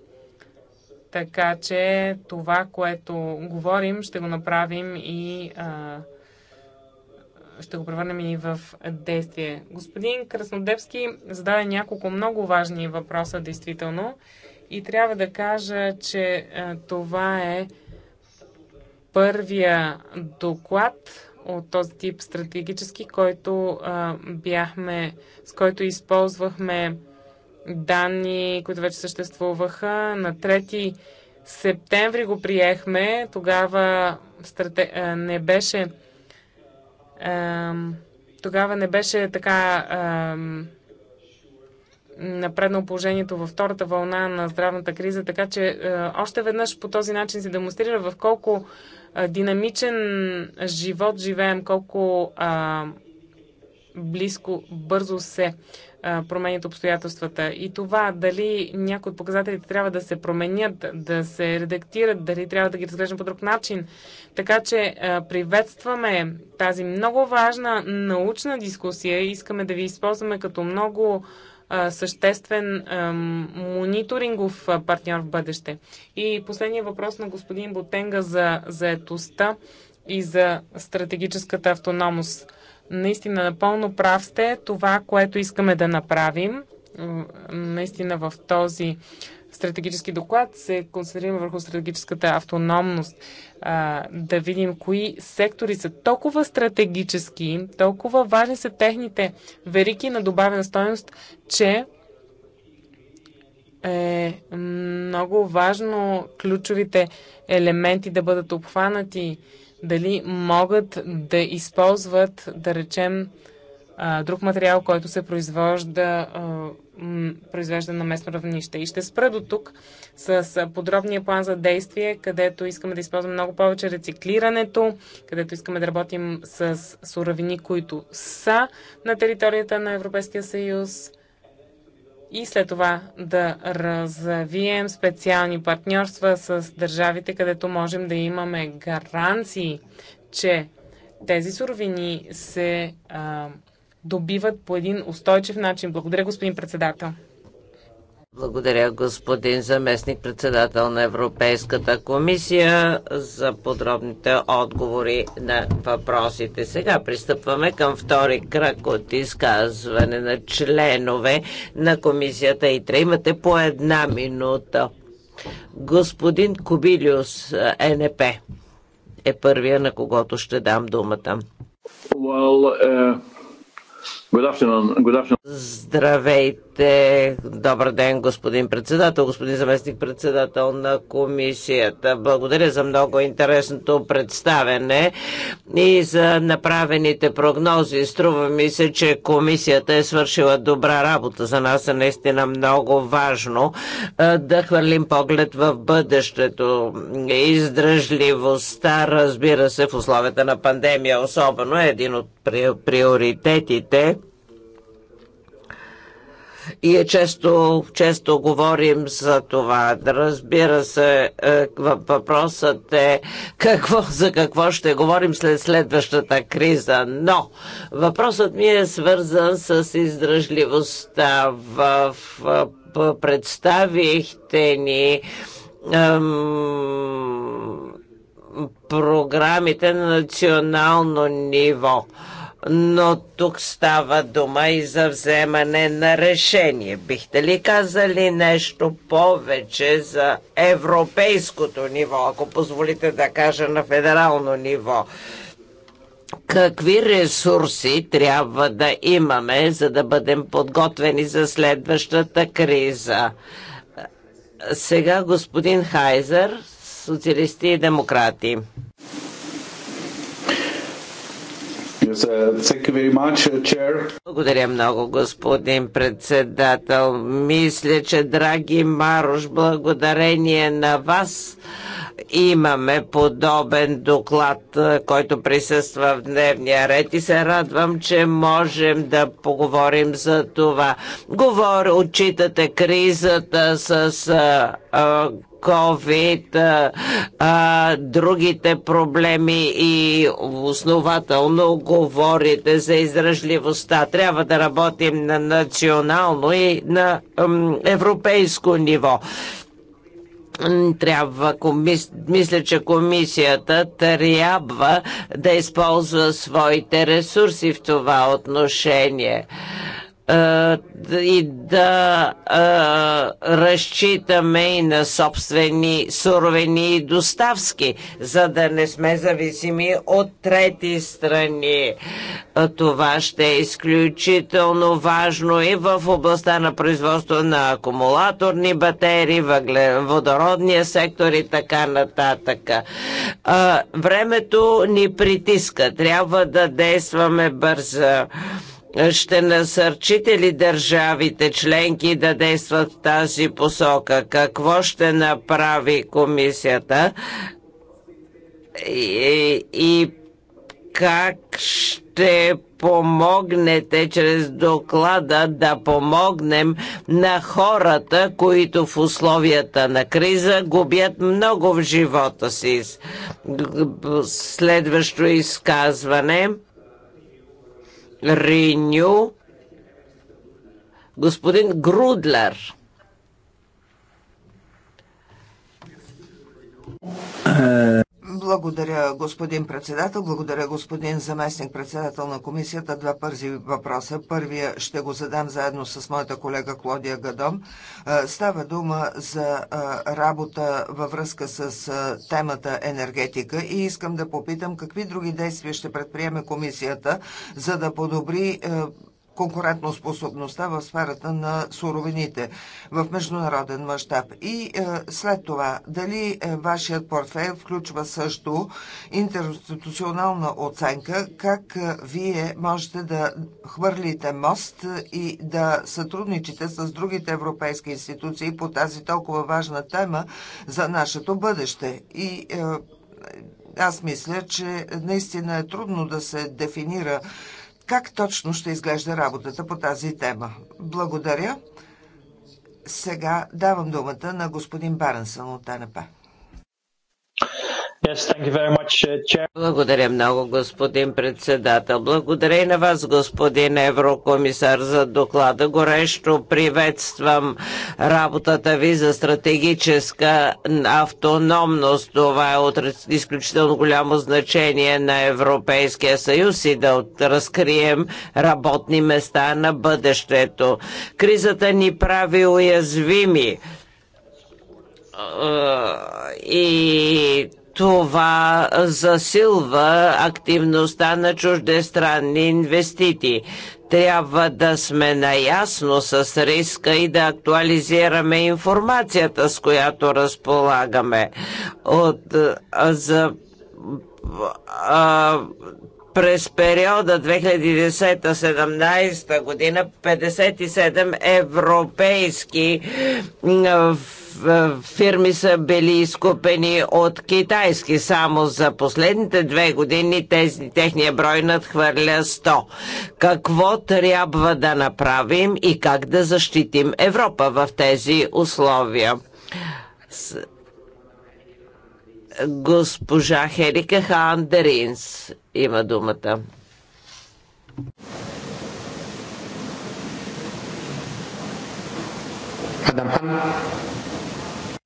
така че това, което говорим, ще го направим и а, ще го превърнем и в действие. Господин Краснодевски зададе няколко много важни въпроса, действително. И трябва да кажа, че а, това е първия доклад от този тип стратегически, който а, бяхме, с който използвахме данни, които вече съществуваха. На 3 септември го приехме. Тогава е, не беше. Тогава не беше така напреднал положението във втората вълна на здравната криза, така че е, още веднъж по този начин се демонстрира в колко е, динамичен живот живеем, колко близко, бързо се променят обстоятелствата. И това дали някои от показателите трябва да се променят, да се редактират, дали трябва да ги разглеждам по друг начин. Така че приветстваме тази много важна научна дискусия. Искаме да ви използваме като много съществен мониторингов партньор в бъдеще. И последният въпрос на господин Ботенга за заетостта и за стратегическата автономност. Наистина, напълно прав сте. Това, което искаме да направим, наистина в този стратегически доклад се концентрираме върху стратегическата автономност, а, да видим кои сектори са толкова стратегически, толкова важни са техните верики на добавена стоеност, че е много важно ключовите елементи да бъдат обхванати дали могат да използват, да речем, друг материал, който се произвежда, произвежда на местно равнище. И ще спра до тук с подробния план за действие, където искаме да използваме много повече рециклирането, където искаме да работим с суровини, които са на територията на Европейския съюз и след това да развием специални партньорства с държавите, където можем да имаме гаранции, че тези суровини се а, добиват по един устойчив начин. Благодаря, господин председател. Благодаря, господин заместник председател на Европейската комисия, за подробните отговори на въпросите. Сега пристъпваме към втори кръг от изказване на членове на комисията и Имате по една минута. Господин Кобилиус, е НП, е първия, на когото ще дам думата. Well, uh... Good afternoon. Good afternoon. Здравейте! Добър ден, господин председател, господин заместник председател на комисията. Благодаря за много интересното представене и за направените прогнози. Струва ми се, че комисията е свършила добра работа. За нас е наистина много важно да хвърлим поглед в бъдещето. Издръжливостта, разбира се, в условията на пандемия особено е един от приоритетите и е често, често говорим за това. Разбира се, е, въпросът е какво, за какво ще говорим след следващата криза, но въпросът ми е свързан с издръжливостта в, в представихте ни ем, програмите на национално ниво но тук става дума и за вземане на решение. Бихте ли казали нещо повече за европейското ниво, ако позволите да кажа на федерално ниво? какви ресурси трябва да имаме, за да бъдем подготвени за следващата криза. Сега господин Хайзер, социалисти и демократи. Uh, uh, Благодаря много, господин председател. Мисля, че, драги Марош, благодарение на вас имаме подобен доклад, който присъства в дневния ред и се радвам, че можем да поговорим за това. Говоря, отчитате кризата с а, а, COVID, а, а, другите проблеми и основателно говорите за издръжливостта. Трябва да работим на национално и на европейско ниво трябва, комис... мисля, че комисията трябва да използва своите ресурси в това отношение. Е, и да е, разчитаме и на собствени суровини и доставки, за да не сме зависими от трети страни. Е, това ще е изключително важно и в областта на производство на акумулаторни батерии, водородния сектор и така нататък. Времето ни притиска. Трябва да действаме бързо ще насърчите ли държавите членки да действат в тази посока? Какво ще направи комисията и, и как ще помогнете чрез доклада да помогнем на хората, които в условията на криза губят много в живота си. Следващо изказване – Реню, господин Грудлер. Uh... Благодаря, господин председател. Благодаря, господин заместник председател на комисията. Два пързи въпроса. Първия ще го задам заедно с моята колега Клодия Гадом. Е, става дума за е, работа във връзка с е, темата енергетика и искам да попитам какви други действия ще предприеме комисията, за да подобри конкурентоспособността в сферата на суровините в международен мащаб. И е, след това, дали е, вашият портфейл включва също интерституционална оценка, как е, вие можете да хвърлите мост и да сътрудничите с другите европейски институции по тази толкова важна тема за нашето бъдеще. И аз мисля, че наистина е трудно да се дефинира как точно ще изглежда работата по тази тема? Благодаря. Сега давам думата на господин Баренсън от АНП. Yes, thank you very much, uh, chair. Благодаря много, господин председател. Благодаря и на вас, господин еврокомисар, за доклада. Горещо приветствам работата ви за стратегическа автономност. Това е от изключително голямо значение на Европейския съюз и да разкрием работни места на бъдещето. Кризата ни прави уязвими и това засилва активността на чуждестранни инвестиции. Трябва да сме наясно с риска и да актуализираме информацията, с която разполагаме. От, за, а, през периода 2010-2017 година 57 европейски фирми са били изкупени от китайски. Само за последните две години тези, техния брой надхвърля 100. Какво трябва да направим и как да защитим Европа в тези условия? Госпожа Херика Хандеринс има думата. Адам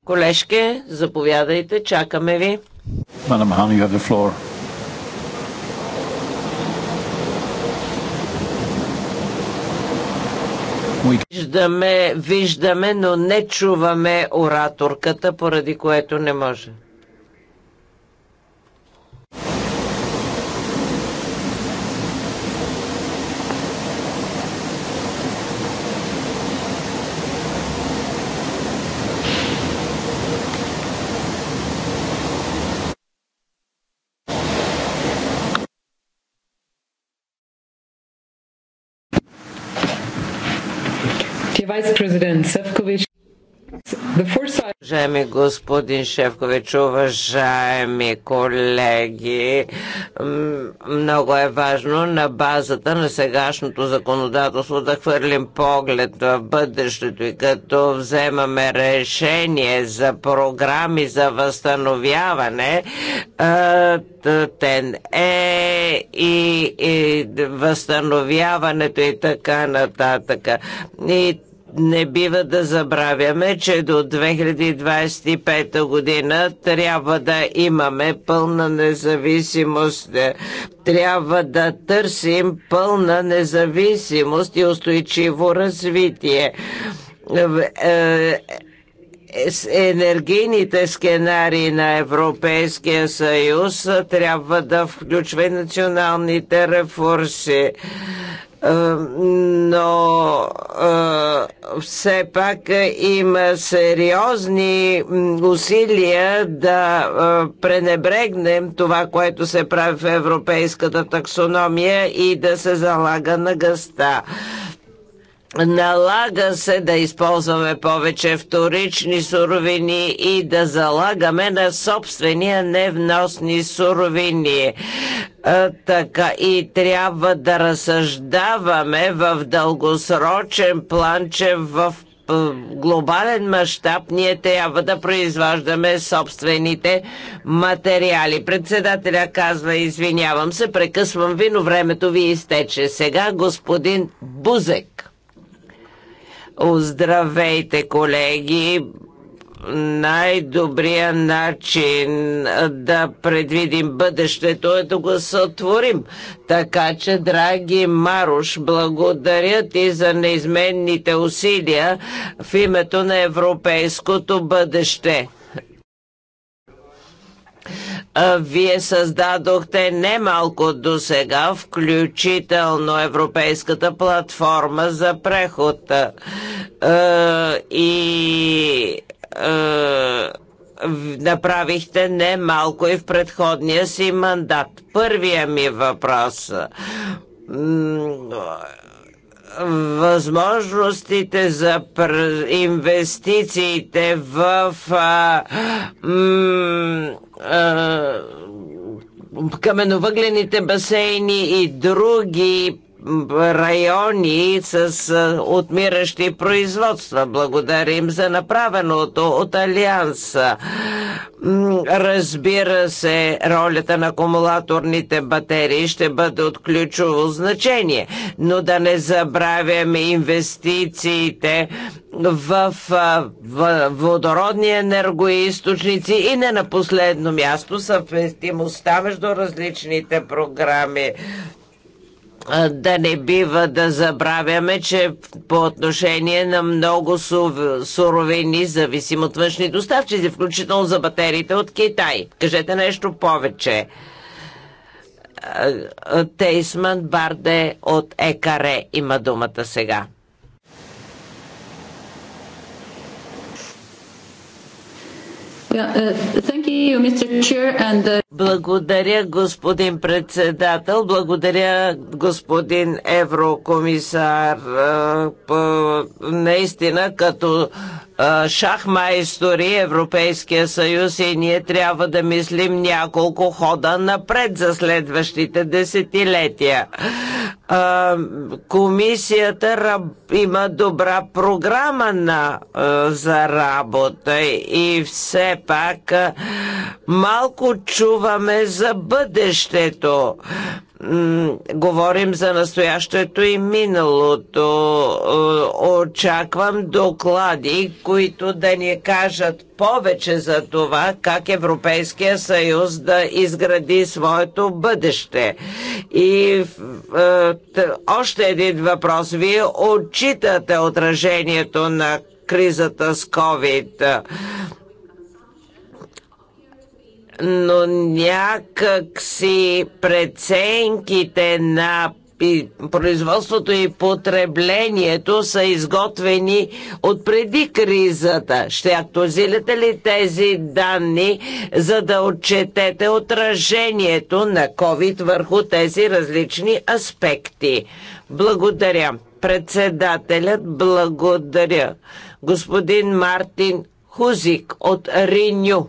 Колешке, заповядайте, чакаме ви. you have the floor. Виждаме, виждаме, но не чуваме ораторката, поради което не може. Уважаеми господин Шевкович, уважаеми колеги, много е важно на базата на сегашното законодателство да хвърлим поглед в бъдещето и като вземаме решение за програми за възстановяване, тен е и, и възстановяването и така нататък. И не бива да забравяме, че до 2025 година трябва да имаме пълна независимост. Трябва да търсим пълна независимост и устойчиво развитие е, енергийните сценарии на Европейския съюз трябва да включва и националните ресурси но все пак има сериозни усилия да пренебрегнем това, което се прави в европейската таксономия и да се залага на гъста. Налага се да използваме повече вторични суровини и да залагаме на собствения невносни суровини. А, е, така и трябва да разсъждаваме в дългосрочен план, че в е, глобален мащаб ние трябва да произваждаме собствените материали. Председателя казва, извинявам се, прекъсвам ви, но времето ви изтече. Сега господин Бузек. Оздравейте, колеги! най добрият начин да предвидим бъдещето е да го сътворим. Така че, драги Маруш, благодаря ти за неизменните усилия в името на европейското бъдеще. Вие създадохте немалко до сега, включително Европейската платформа за преход. И направихте не малко и в предходния си мандат. Първия ми въпрос възможностите за инвестициите в а, м, а, каменовъглените басейни и други райони с отмиращи производства. Благодарим за направеното от Алианса. Разбира се, ролята на акумулаторните батерии ще бъде от ключово значение, но да не забравяме инвестициите в, водородни енергоисточници и не на последно място съвместимостта между различните програми да не бива да забравяме, че по отношение на много суровини зависим от външни доставчици, включително за батериите от Китай. Кажете нещо повече. Тейсман Барде от ЕКАРЕ има думата сега. Uh, uh, Благодаря, господин председател. Благодаря, господин еврокомисар. Е, наистина, като шахмайстори Европейския съюз и ние трябва да мислим няколко хода напред за следващите десетилетия. Комисията има добра програма на, за работа и все пак малко чуваме за бъдещето говорим за настоящето и миналото. Е, очаквам доклади, които да ни кажат повече за това как Европейския съюз да изгради своето бъдеще. И е, още един въпрос. Вие отчитате отражението на кризата с COVID но някак си преценките на производството и потреблението са изготвени от преди кризата. Ще актуализирате ли тези данни, за да отчетете отражението на COVID върху тези различни аспекти? Благодаря. Председателят, благодаря. Господин Мартин Хузик от Риню.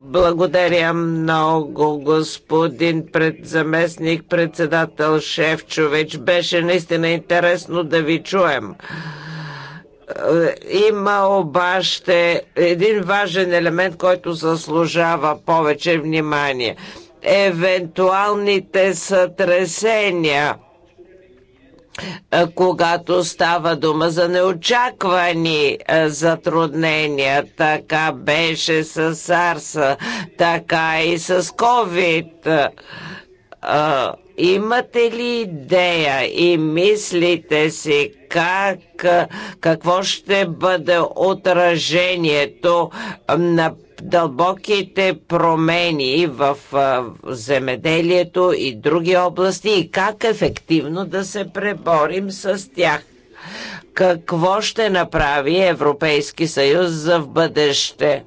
Благодаря много, господин пред, заместник председател Шефчович. Беше наистина интересно да ви чуем. Е, има обаче един важен елемент, който заслужава повече внимание. Евентуалните сътресения – когато става дума за неочаквани затруднения. Така беше с Сарса, така и с COVID. Имате ли идея и мислите си как, какво ще бъде отражението на дълбоките промени в земеделието и други области и как ефективно да се преборим с тях какво ще направи Европейски съюз за в бъдеще.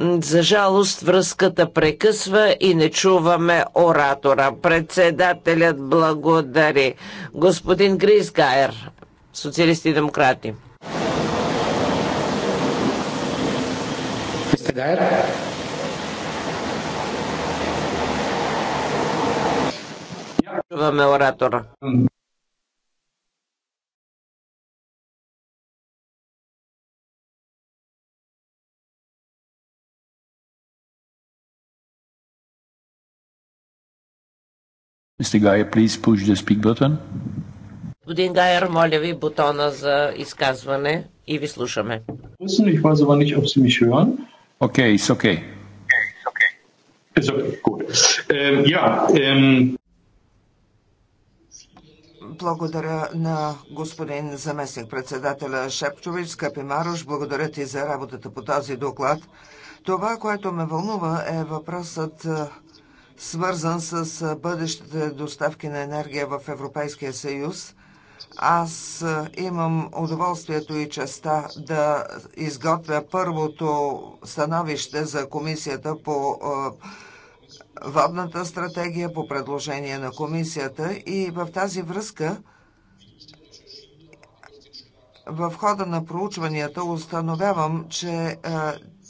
За жалост връзката прекъсва и не чуваме оратора. Председателят благодари. Господин Грисгайер, социалисти и демократи. Steyer. Чуваме оратора. Мистер Гайер, please push the speak button. Господин Гайер, моля ви бутона за изказване и ви слушаме. Господин Гайер, моля ви бутона за изказване и ви слушаме. Okay, it's okay. It's okay, good. Um, yeah, um... Благодаря на господин заместник председателя Шепчович, скъпи Марош, благодаря ти за работата по този доклад. Това, което ме вълнува е въпросът е, свързан с е, бъдещите доставки на енергия в Европейския съюз. Аз е, имам удоволствието и честа да изготвя първото становище за комисията по е, водната стратегия по предложение на комисията и в тази връзка в хода на проучванията установявам, че е,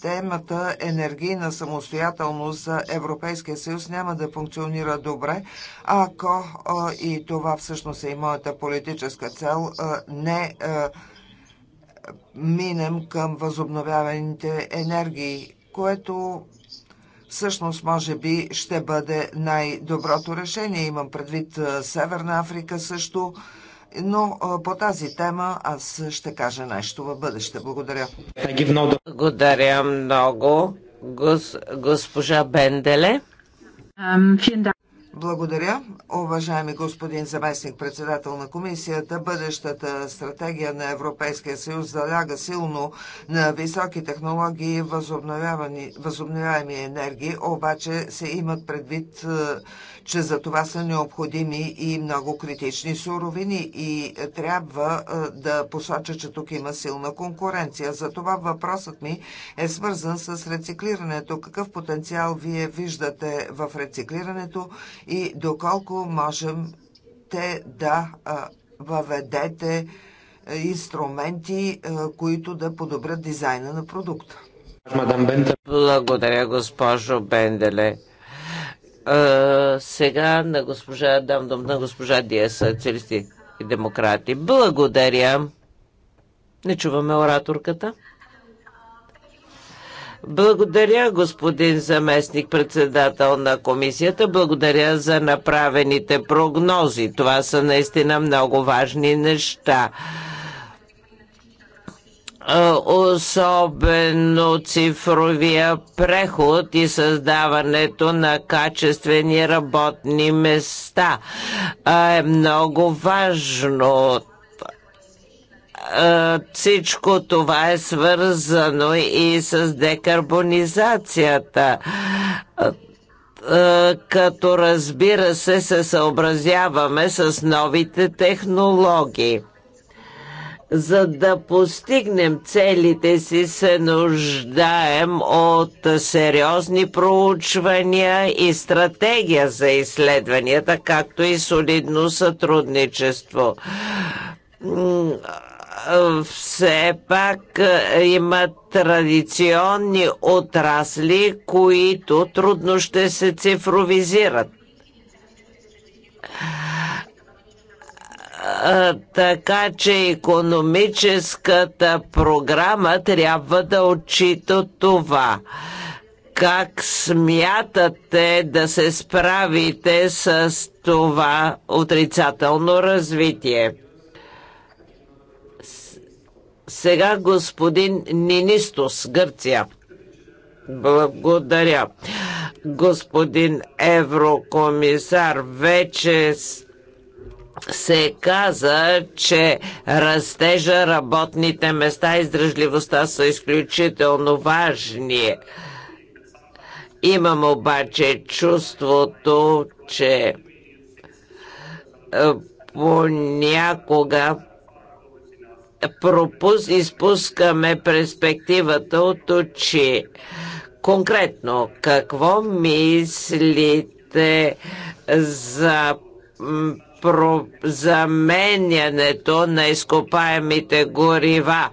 Темата енергийна самостоятелност за Европейския съюз няма да функционира добре, ако и това всъщност е и моята политическа цел, не минем към възобновяваните енергии, което всъщност може би ще бъде най-доброто решение. Имам предвид Северна Африка също но по тази тема аз ще кажа нещо в бъдеще. Благодаря. Благодаря много, гос, госпожа Бенделе. Благодаря, уважаеми господин заместник председател на комисията. Бъдещата стратегия на Европейския съюз заляга силно на високи технологии и възобновяеми енергии, обаче се имат предвид е, че за това са необходими и много критични суровини и е, трябва е, да посоча, че тук има силна конкуренция. За това въпросът ми е свързан с рециклирането. Какъв потенциал вие виждате в рециклирането и доколко можем те да е, въведете инструменти, които да подобрят дизайна на продукта? Благодаря, госпожо Бенделе сега на госпожа Дамдом, на госпожа Диес, социалисти и демократи. Благодаря. Не чуваме ораторката. Благодаря, господин заместник председател на комисията. Благодаря за направените прогнози. Това са наистина много важни неща особено цифровия преход и създаването на качествени работни места е много важно всичко това е свързано и с декарбонизацията. Като разбира се, се съобразяваме с новите технологии. За да постигнем целите си, се нуждаем от сериозни проучвания и стратегия за изследванията, както и солидно сътрудничество все пак е, има традиционни отрасли, които трудно ще се цифровизират така че економическата програма трябва да отчита това. Как смятате да се справите с това отрицателно развитие? Сега господин Нинистос, Гърция. Благодаря. Господин еврокомисар, вече се каза, че растежа, работните места, и издръжливостта са изключително важни. Имам обаче чувството, че е, понякога пропус, изпускаме перспективата от очи. Конкретно, какво мислите за про заменянето на изкопаемите горива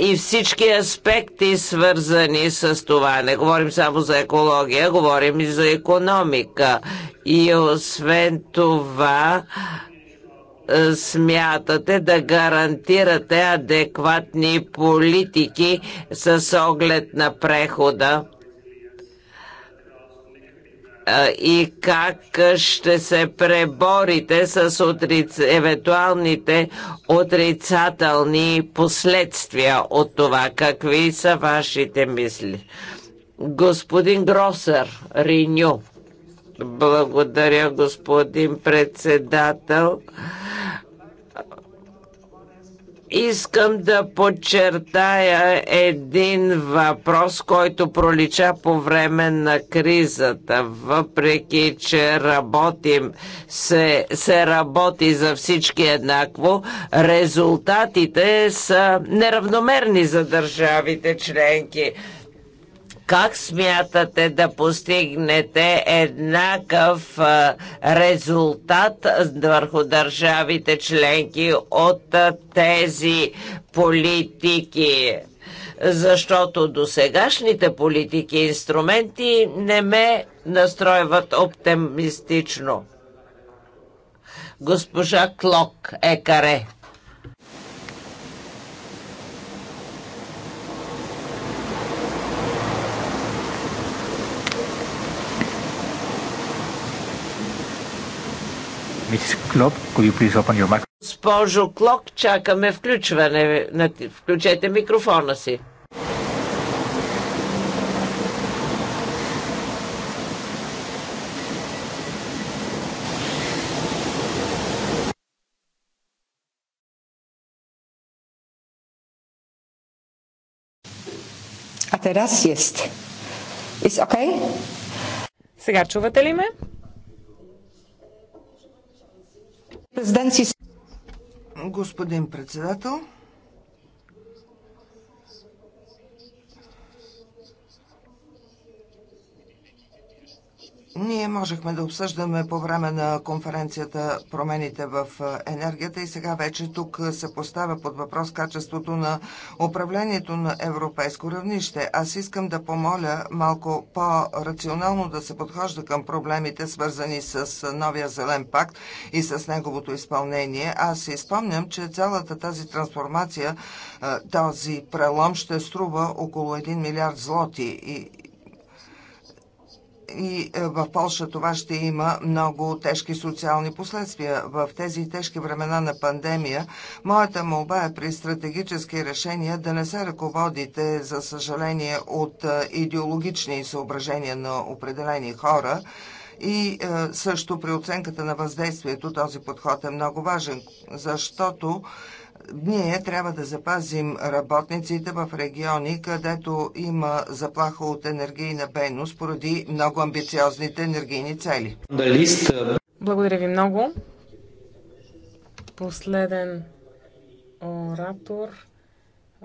и всички аспекти свързани с това. Не говорим само за екология, говорим и за економика. И освен това, смятате да гарантирате адекватни политики с оглед на прехода и как ще се преборите с отриц... евентуалните отрицателни последствия от това? Какви са вашите мисли? Господин Гросър, Риню. Благодаря, господин председател. Искам да подчертая един въпрос, който пролича по време на кризата. Въпреки, че работим, се, се работи за всички еднакво, резултатите са неравномерни за държавите членки. Как смятате да постигнете еднакъв резултат върху държавите членки от тези политики? Защото до сегашните политики и инструменти не ме настройват оптимистично. Госпожа Клок е каре. Мисис could you please open your Госпожо Клок, чакаме включване. Включете микрофона си. teraz jest. Is okay? Сега чувате ли ме? Господин председател, Ние можехме да обсъждаме по време на конференцията промените в енергията и сега вече тук се поставя под въпрос качеството на управлението на европейско равнище. Аз искам да помоля малко по-рационално да се подхожда към проблемите, свързани с новия зелен пакт и с неговото изпълнение. Аз си спомням, че цялата тази трансформация, този прелом ще струва около 1 милиард злоти и и е, в Польша това ще има много тежки социални последствия. В тези тежки времена на пандемия, моята молба е при стратегически решения да не се ръководите, за съжаление, от е, идеологични съображения на определени хора, и е, също при оценката на въздействието този подход е много важен, защото ние трябва да запазим работниците в региони, където има заплаха от енергийна бедност поради много амбициозните енергийни цели. Благодаря ви много. Последен оратор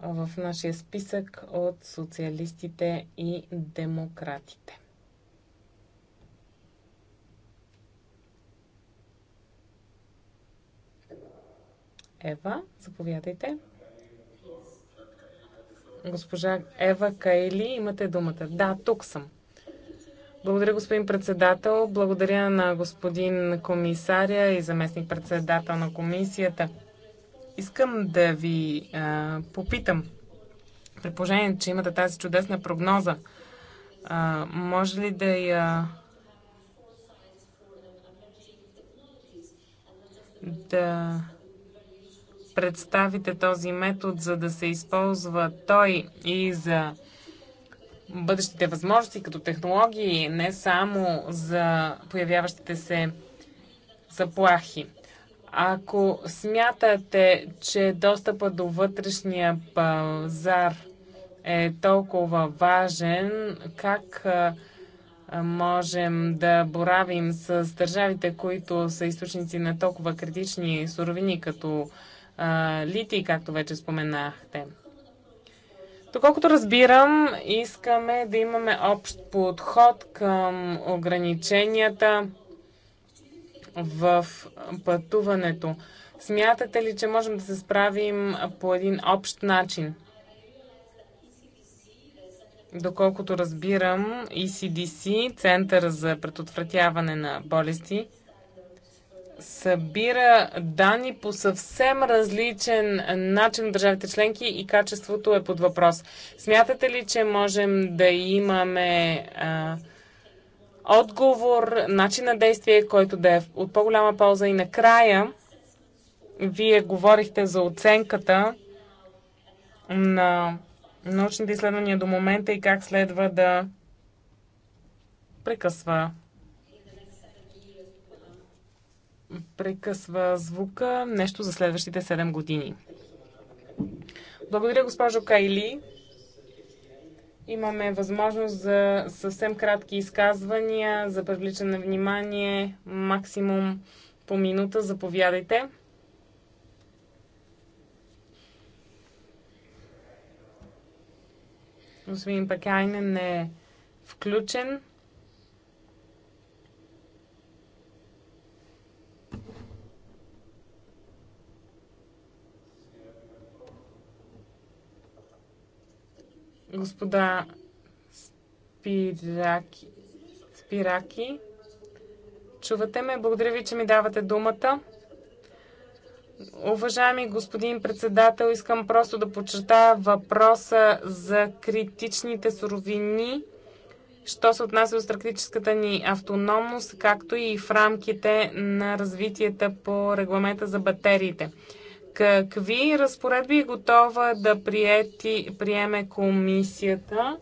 в нашия списък от социалистите и демократите. Ева, заповядайте. Госпожа Ева Кайли, имате думата. Да, тук съм. Благодаря, господин председател. Благодаря на господин комисаря и заместник председател на комисията. Искам да ви а, попитам, при положение, че имате тази чудесна прогноза, а, може ли да я да представите този метод, за да се използва той и за бъдещите възможности като технологии, не само за появяващите се заплахи. Ако смятате, че достъпа до вътрешния пазар е толкова важен, как можем да боравим с държавите, които са източници на толкова критични суровини, като литий, както вече споменахте. Доколкото разбирам, искаме да имаме общ подход към ограниченията в пътуването. Смятате ли, че можем да се справим по един общ начин? Доколкото разбирам, ECDC, Център за предотвратяване на болести, събира данни по съвсем различен начин от държавите членки и качеството е под въпрос. Смятате ли, че можем да имаме а, отговор, начин на действие, който да е от по-голяма полза и накрая? Вие говорихте за оценката на научните изследвания до момента и как следва да прекъсва прекъсва звука нещо за следващите 7 години. Благодаря, госпожо Кайли. Имаме възможност за съвсем кратки изказвания, за привличане на внимание, максимум по минута. Заповядайте. Господин Пекайнен е включен. господа Спираки. Спираки. Чувате ме? Благодаря ви, че ми давате думата. Уважаеми господин председател, искам просто да подчертая въпроса за критичните суровини, що се отнася до стратегическата ни автономност, както и в рамките на развитията по регламента за батериите. Какви разпоредби е готова да приети, приеме комисията?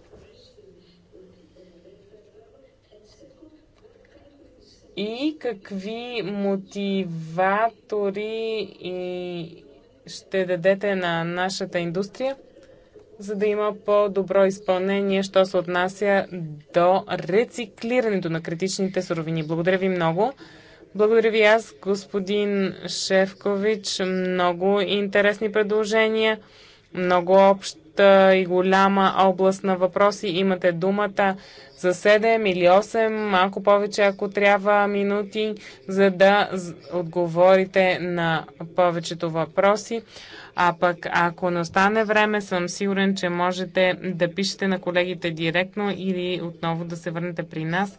И какви мотиватори и ще дадете на нашата индустрия, за да има по-добро изпълнение, що се отнася до рециклирането на критичните суровини? Благодаря ви много. Благодаря ви аз, господин Шефкович. Много интересни предложения, много обща и голяма област на въпроси. Имате думата за 7 или 8, малко повече, ако трябва, минути, за да отговорите на повечето въпроси. А пък, ако не остане време, съм сигурен, че можете да пишете на колегите директно или отново да се върнете при нас.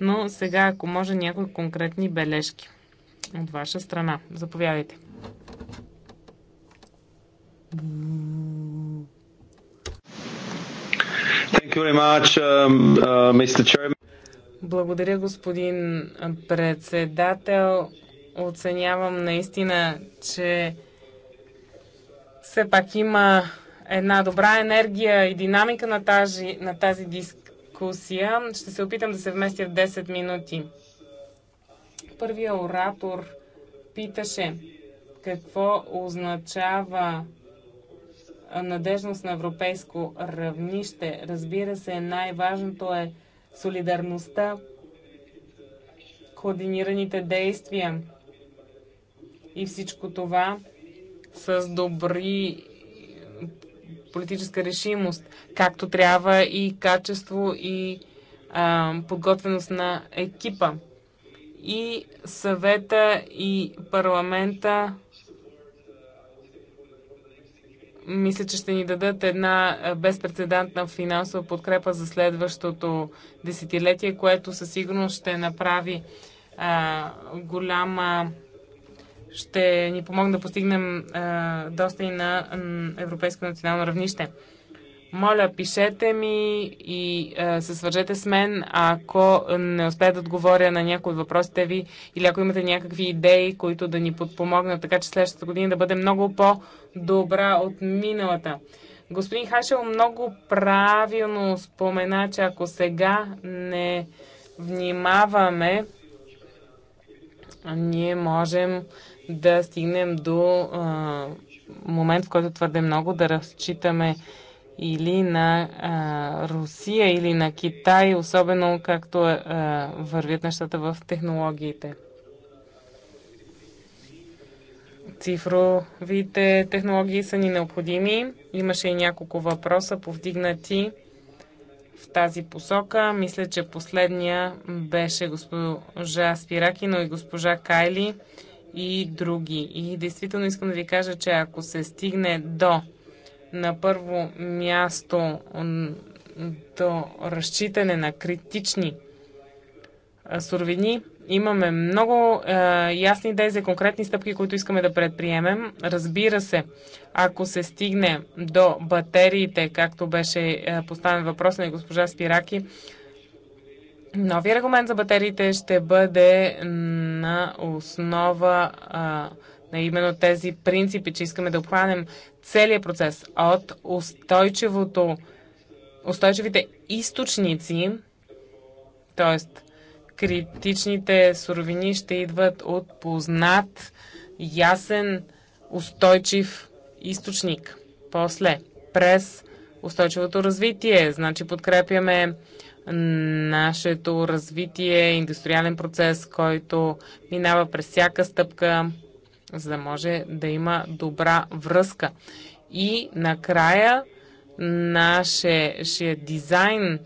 Но сега, ако може, някои конкретни бележки от ваша страна. Заповядайте. Much, um, uh, Благодаря, господин председател. Оценявам наистина, че все пак има една добра енергия и динамика на тази, на тази дис, дискусия. Ще се опитам да се вместя в 10 минути. Първия оратор питаше какво означава надежност на европейско равнище. Разбира се, най-важното е солидарността, координираните действия и всичко това с добри политическа решимост, както трябва и качество и а, подготвеност на екипа. И съвета и парламента мисля, че ще ни дадат една безпредседентна финансова подкрепа за следващото десетилетие, което със сигурност ще направи а, голяма ще ни помогне да постигнем а, доста и на европейско национално равнище. Моля, пишете ми и а, се свържете с мен, ако не успея да отговоря на някои от въпросите ви или ако имате някакви идеи, които да ни подпомогнат, така че следващата година да бъде много по-добра от миналата. Господин Хашел много правилно спомена, че ако сега не внимаваме, ние можем да стигнем до а, момент, в който твърде много да разчитаме или на а, Русия, или на Китай, особено както а, вървят нещата в технологиите. Цифровите технологии са ни необходими. Имаше и няколко въпроса повдигнати в тази посока. Мисля, че последния беше госпожа Спираки, но и госпожа Кайли и други. И действително искам да ви кажа, че ако се стигне до на първо място до разчитане на критични суровини, имаме много е, ясни идеи за конкретни стъпки, които искаме да предприемем. Разбира се, ако се стигне до батериите, както беше поставен въпрос на госпожа Спираки, Новия регламент за батериите ще бъде на основа а, на именно тези принципи, че искаме да обхванем целият процес от устойчивото, устойчивите източници, т.е. критичните суровини ще идват от познат, ясен, устойчив източник. После, през устойчивото развитие, значи подкрепяме нашето развитие, индустриален процес, който минава през всяка стъпка, за да може да има добра връзка. И накрая нашия дизайн,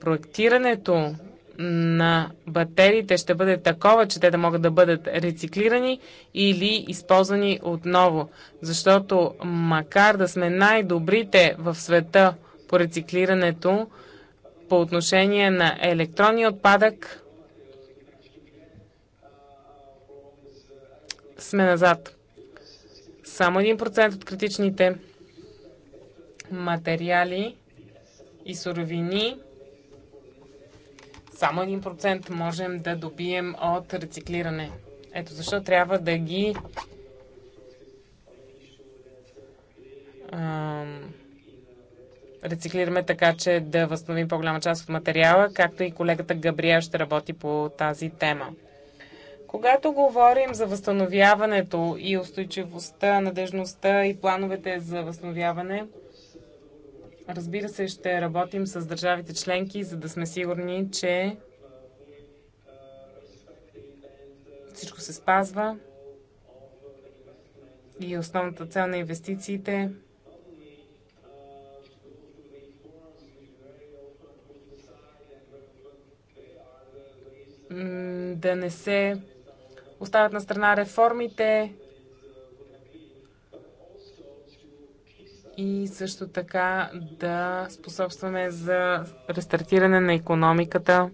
проектирането на батериите ще бъде такова, че те да могат да бъдат рециклирани или използвани отново. Защото макар да сме най-добрите в света по рециклирането, по отношение на електронния отпадък сме назад. Само 1% от критичните материали и суровини само 1% можем да добием от рециклиране. Ето защо трябва да ги ам, рециклираме така, че да възстановим по-голяма част от материала, както и колегата Габриел ще работи по тази тема. Когато говорим за възстановяването и устойчивостта, надежността и плановете за възстановяване, разбира се, ще работим с държавите членки, за да сме сигурни, че всичко се спазва и основната цел на инвестициите – да не се оставят на страна реформите и също така да способстваме за рестартиране на економиката,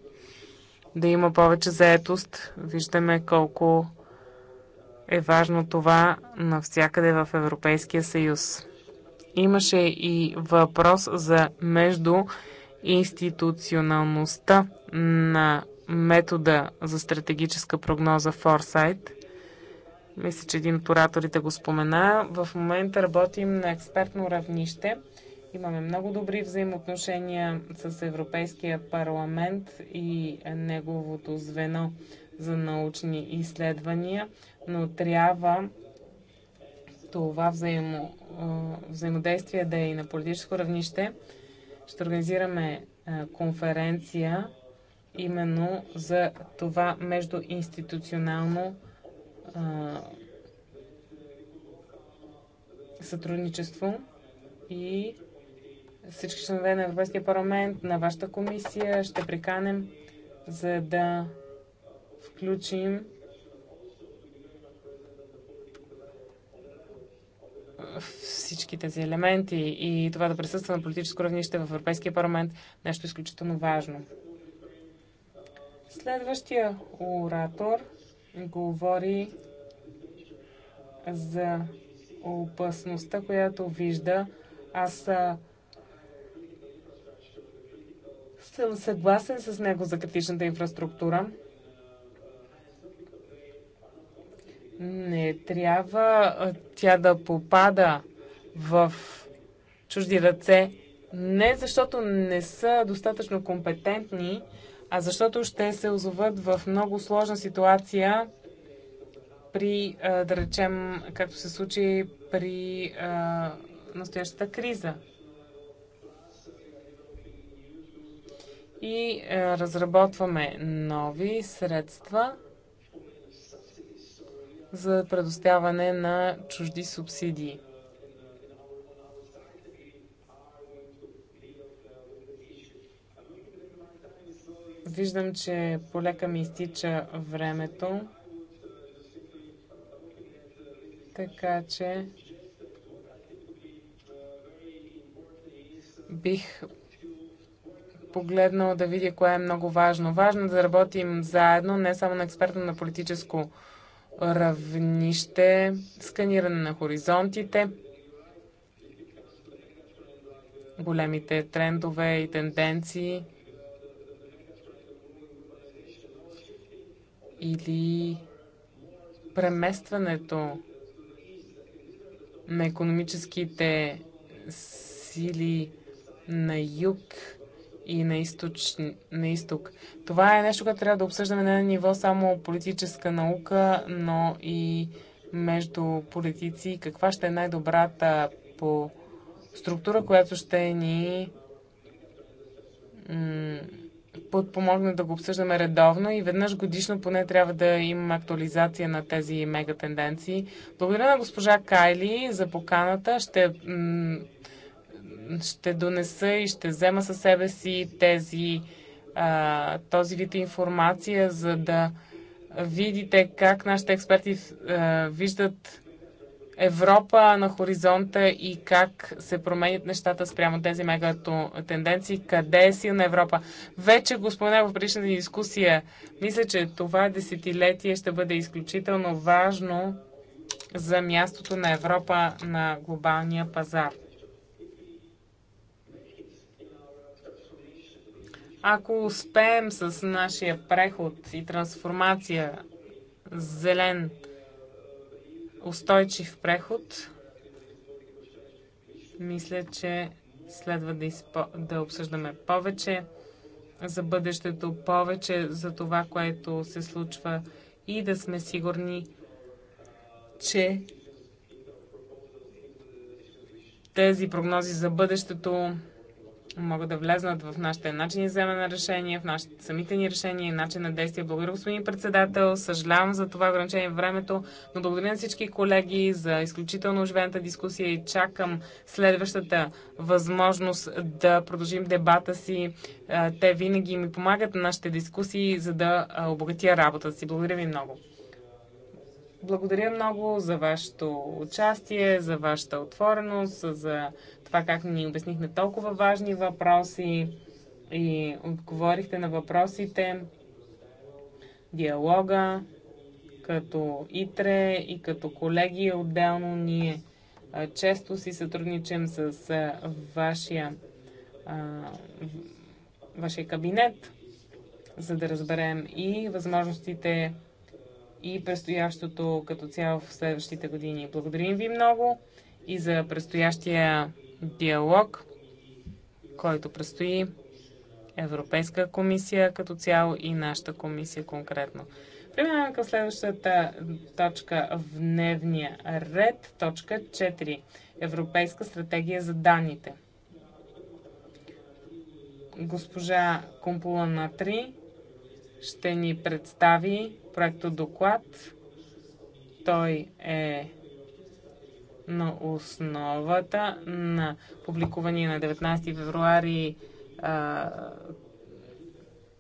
да има повече заетост. Виждаме колко е важно това навсякъде в Европейския съюз. Имаше и въпрос за междуинституционалността на метода за стратегическа прогноза Foresight. Мисля, че един от ораторите го спомена. В момента работим на експертно равнище. Имаме много добри взаимоотношения с Европейския парламент и неговото звено за научни изследвания, но трябва това взаимо, взаимодействие да е и на политическо равнище. Ще организираме конференция именно за това междуинституционално сътрудничество и всички членове на Европейския парламент, на вашата комисия ще приканем, за да включим всички тези елементи и това да присъства на политическо равнище в Европейския парламент, нещо изключително важно. Следващия оратор говори за опасността, която вижда. Аз съм съгласен с него за критичната инфраструктура. Не трябва тя да попада в чужди ръце, не защото не са достатъчно компетентни, а защото ще се озоват в много сложна ситуация при, да речем, както се случи при а, настоящата криза. И а, разработваме нови средства за предоставяне на чужди субсидии. Виждам, че полека ми изтича времето. Така че бих погледнал да видя кое е много важно. Важно е да работим заедно, не само на експертно, на политическо равнище, сканиране на хоризонтите, големите трендове и тенденции или преместването на економическите сили на юг и на, източ... на изток. Това е нещо, което трябва да обсъждаме не на ниво само политическа наука, но и между политици. Каква ще е най-добрата по структура, която ще ни подпомогне да го обсъждаме редовно и веднъж годишно поне трябва да имаме актуализация на тези мега тенденции. Благодаря на госпожа Кайли за поканата. Ще, ще донеса и ще взема със себе си тези, а, този вид информация, за да видите как нашите експерти а, виждат Европа на хоризонта и как се променят нещата спрямо тези мега тенденции. Къде е силна Европа? Вече го споменах в предишната ни дискусия. Мисля, че това десетилетие ще бъде изключително важно за мястото на Европа на глобалния пазар. Ако успеем с нашия преход и трансформация зелен, устойчив преход, мисля, че следва да, изпо... да обсъждаме повече за бъдещето, повече за това, което се случва и да сме сигурни, че тези прогнози за бъдещето могат да влезнат в нашите начини за на решение, в нашите самите ни решения и начин на действие. Благодаря, господин председател. Съжалявам за това ограничение в времето, но благодаря на всички колеги за изключително оживената дискусия и чакам следващата възможност да продължим дебата си. Те винаги ми помагат на нашите дискусии, за да обогатя работата си. Благодаря ви много. Благодаря много за вашето участие, за вашата отвореност, за това как ни обяснихме толкова важни въпроси и отговорихте на въпросите, диалога, като ИТРЕ и като колеги отделно ние често си сътрудничим с вашия, вашия кабинет, за да разберем и възможностите и предстоящото като цяло в следващите години. Благодарим ви много и за предстоящия диалог, който предстои Европейска комисия като цяло и нашата комисия конкретно. Преминаваме към следващата точка в дневния ред. Точка 4. Европейска стратегия за данните. Госпожа Кумпула Натри ще ни представи проекто доклад. Той е на основата на публикувания на 19 февруари а,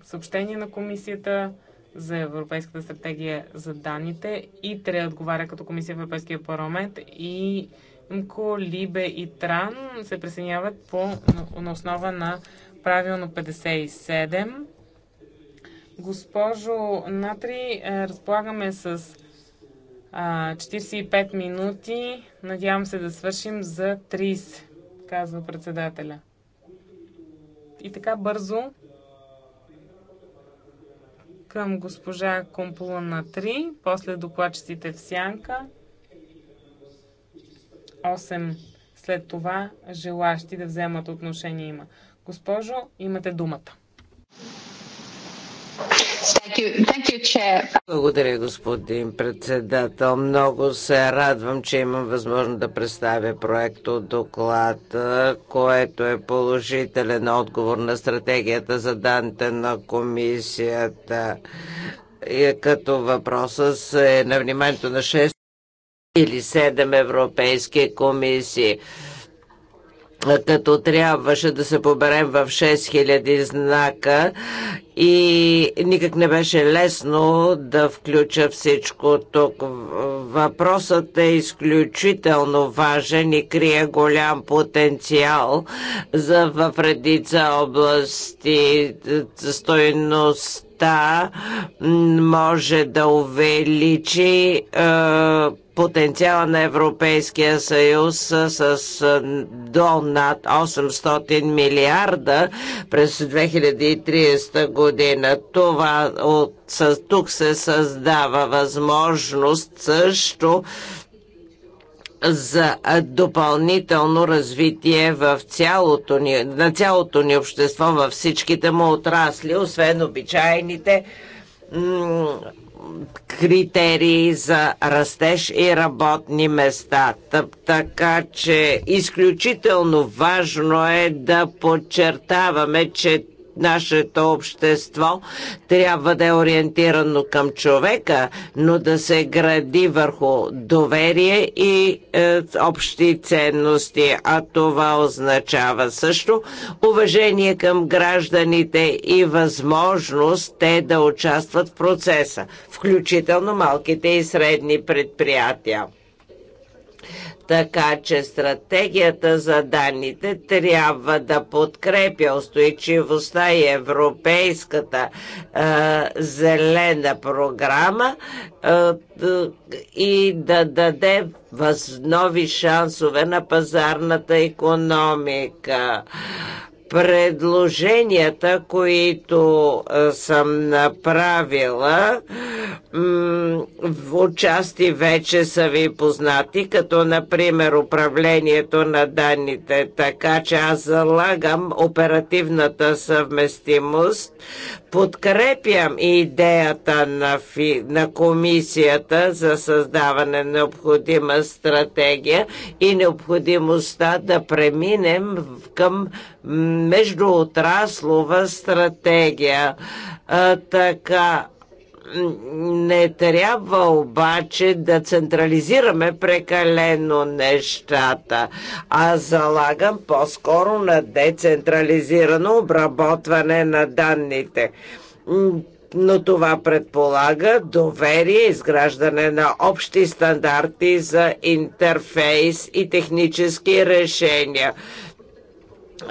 съобщение на комисията за Европейската стратегия за данните и ТРЕ отговаря като комисия в Европейския парламент и МКО, Либе и Тран се присъединяват по, на основа на правилно 57. Госпожо Натри, разполагаме с 45 минути. Надявам се да свършим за 30, казва председателя. И така бързо към госпожа Компула на 3, после докладчиците в сянка. 8 след това желащи да вземат отношение има. Госпожо, имате думата. Благодаря, господин председател. Много се радвам, че имам възможност да представя проект от доклад, което е положителен отговор на стратегията за данните на комисията. И е като въпроса е на вниманието на 6 или 7 европейски комисии като трябваше да се поберем в 6000 знака и никак не беше лесно да включа всичко тук. Въпросът е изключително важен и крие голям потенциал за в редица области. Стойността може да увеличи е, потенциала на Европейския съюз с до над 800 милиарда през 2030 година. Това от, с, тук се създава възможност също за допълнително развитие в цялото ни, на цялото ни общество, във всичките му отрасли, освен обичайните критерии за растеж и работни места. Така че изключително важно е да подчертаваме, че нашето общество трябва да е ориентирано към човека, но да се гради върху доверие и е, общи ценности. А това означава също уважение към гражданите и възможност те да участват в процеса, включително малките и средни предприятия. Така че стратегията за данните трябва да подкрепя устойчивостта и европейската а, зелена програма а, и да даде възнови шансове на пазарната економика предложенията, които съм направила, участи вече са ви познати, като например управлението на данните. Така че аз залагам оперативната съвместимост. Подкрепям идеята на, фи, на комисията за създаване на необходима стратегия и необходимостта да преминем към междуотраслова стратегия. А, така, не трябва обаче да централизираме прекалено нещата, а залагам по-скоро на децентрализирано обработване на данните но това предполага доверие, изграждане на общи стандарти за интерфейс и технически решения.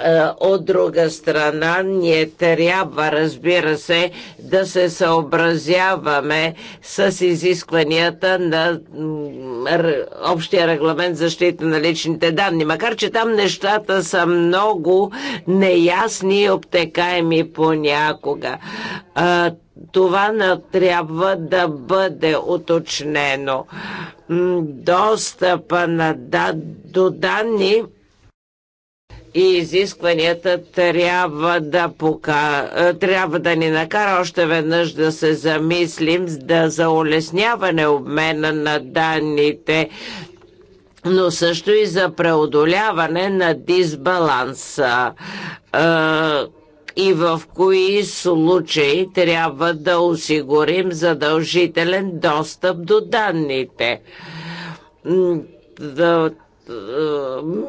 Е, от друга страна, ние трябва, разбира се, да се съобразяваме с изискванията на общия регламент защита на личните данни. Макар, че там нещата са много неясни и обтекаеми понякога. Е, това трябва да бъде уточнено. Достъпа на, да, до данни и изискванията трябва да, пока, е, трябва да ни накара още веднъж да се замислим да за улесняване обмена на данните но също и за преодоляване на дисбаланса е, и в кои случаи трябва да осигурим задължителен достъп до данните е,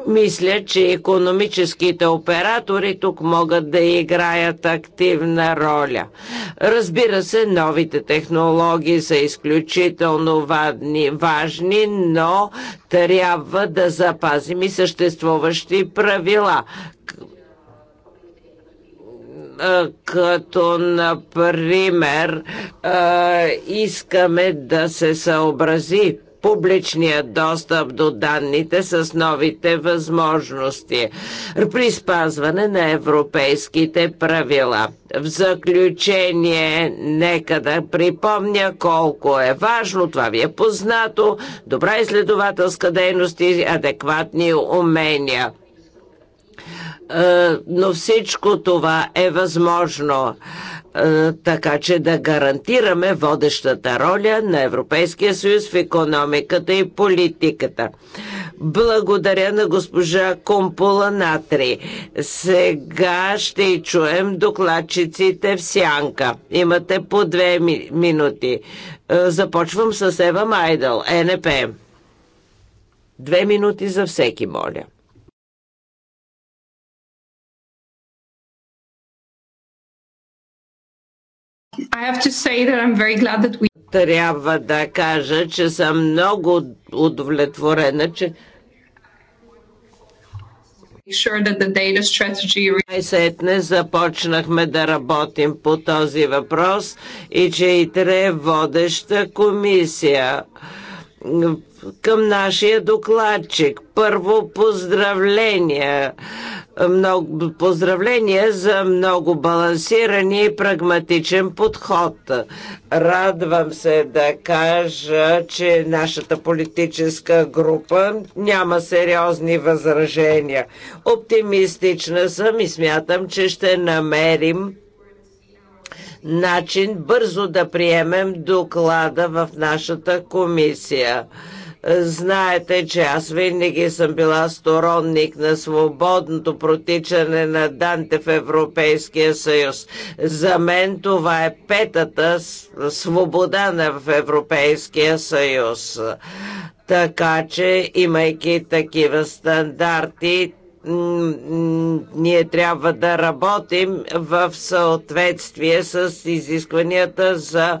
мисля, че економическите оператори тук могат да играят активна роля. Разбира се, новите технологии са изключително важни, но трябва да запазим и съществуващи правила е, като например е, искаме да се съобрази публичния достъп до данните с новите възможности при спазване на европейските правила. В заключение, нека да припомня колко е важно, това ви е познато, добра изследователска дейност и адекватни умения. Е, но всичко това е възможно, е, така че да гарантираме водещата роля на Европейския съюз в економиката и политиката. Благодаря на госпожа Компула Натри. Сега ще чуем докладчиците в сянка. Имате по две ми- минути. Е, започвам с Ева Майдъл, НП. Две минути за всеки, моля. We... Трябва да кажа, че съм много удовлетворена, че sure that the data strategy... Най-сетне започнахме да работим по този въпрос и че ИТРЕ е водеща комисия към нашия докладчик. Първо поздравления. Много, поздравления за много балансиран и прагматичен подход. Радвам се да кажа, че нашата политическа група няма сериозни възражения. Оптимистична съм и смятам, че ще намерим начин бързо да приемем доклада в нашата комисия. Знаете, че аз винаги съм била сторонник на свободното протичане на данте в Европейския съюз. За мен това е петата свобода в Европейския съюз. Така че, имайки такива стандарти, ние трябва да работим в съответствие с изискванията за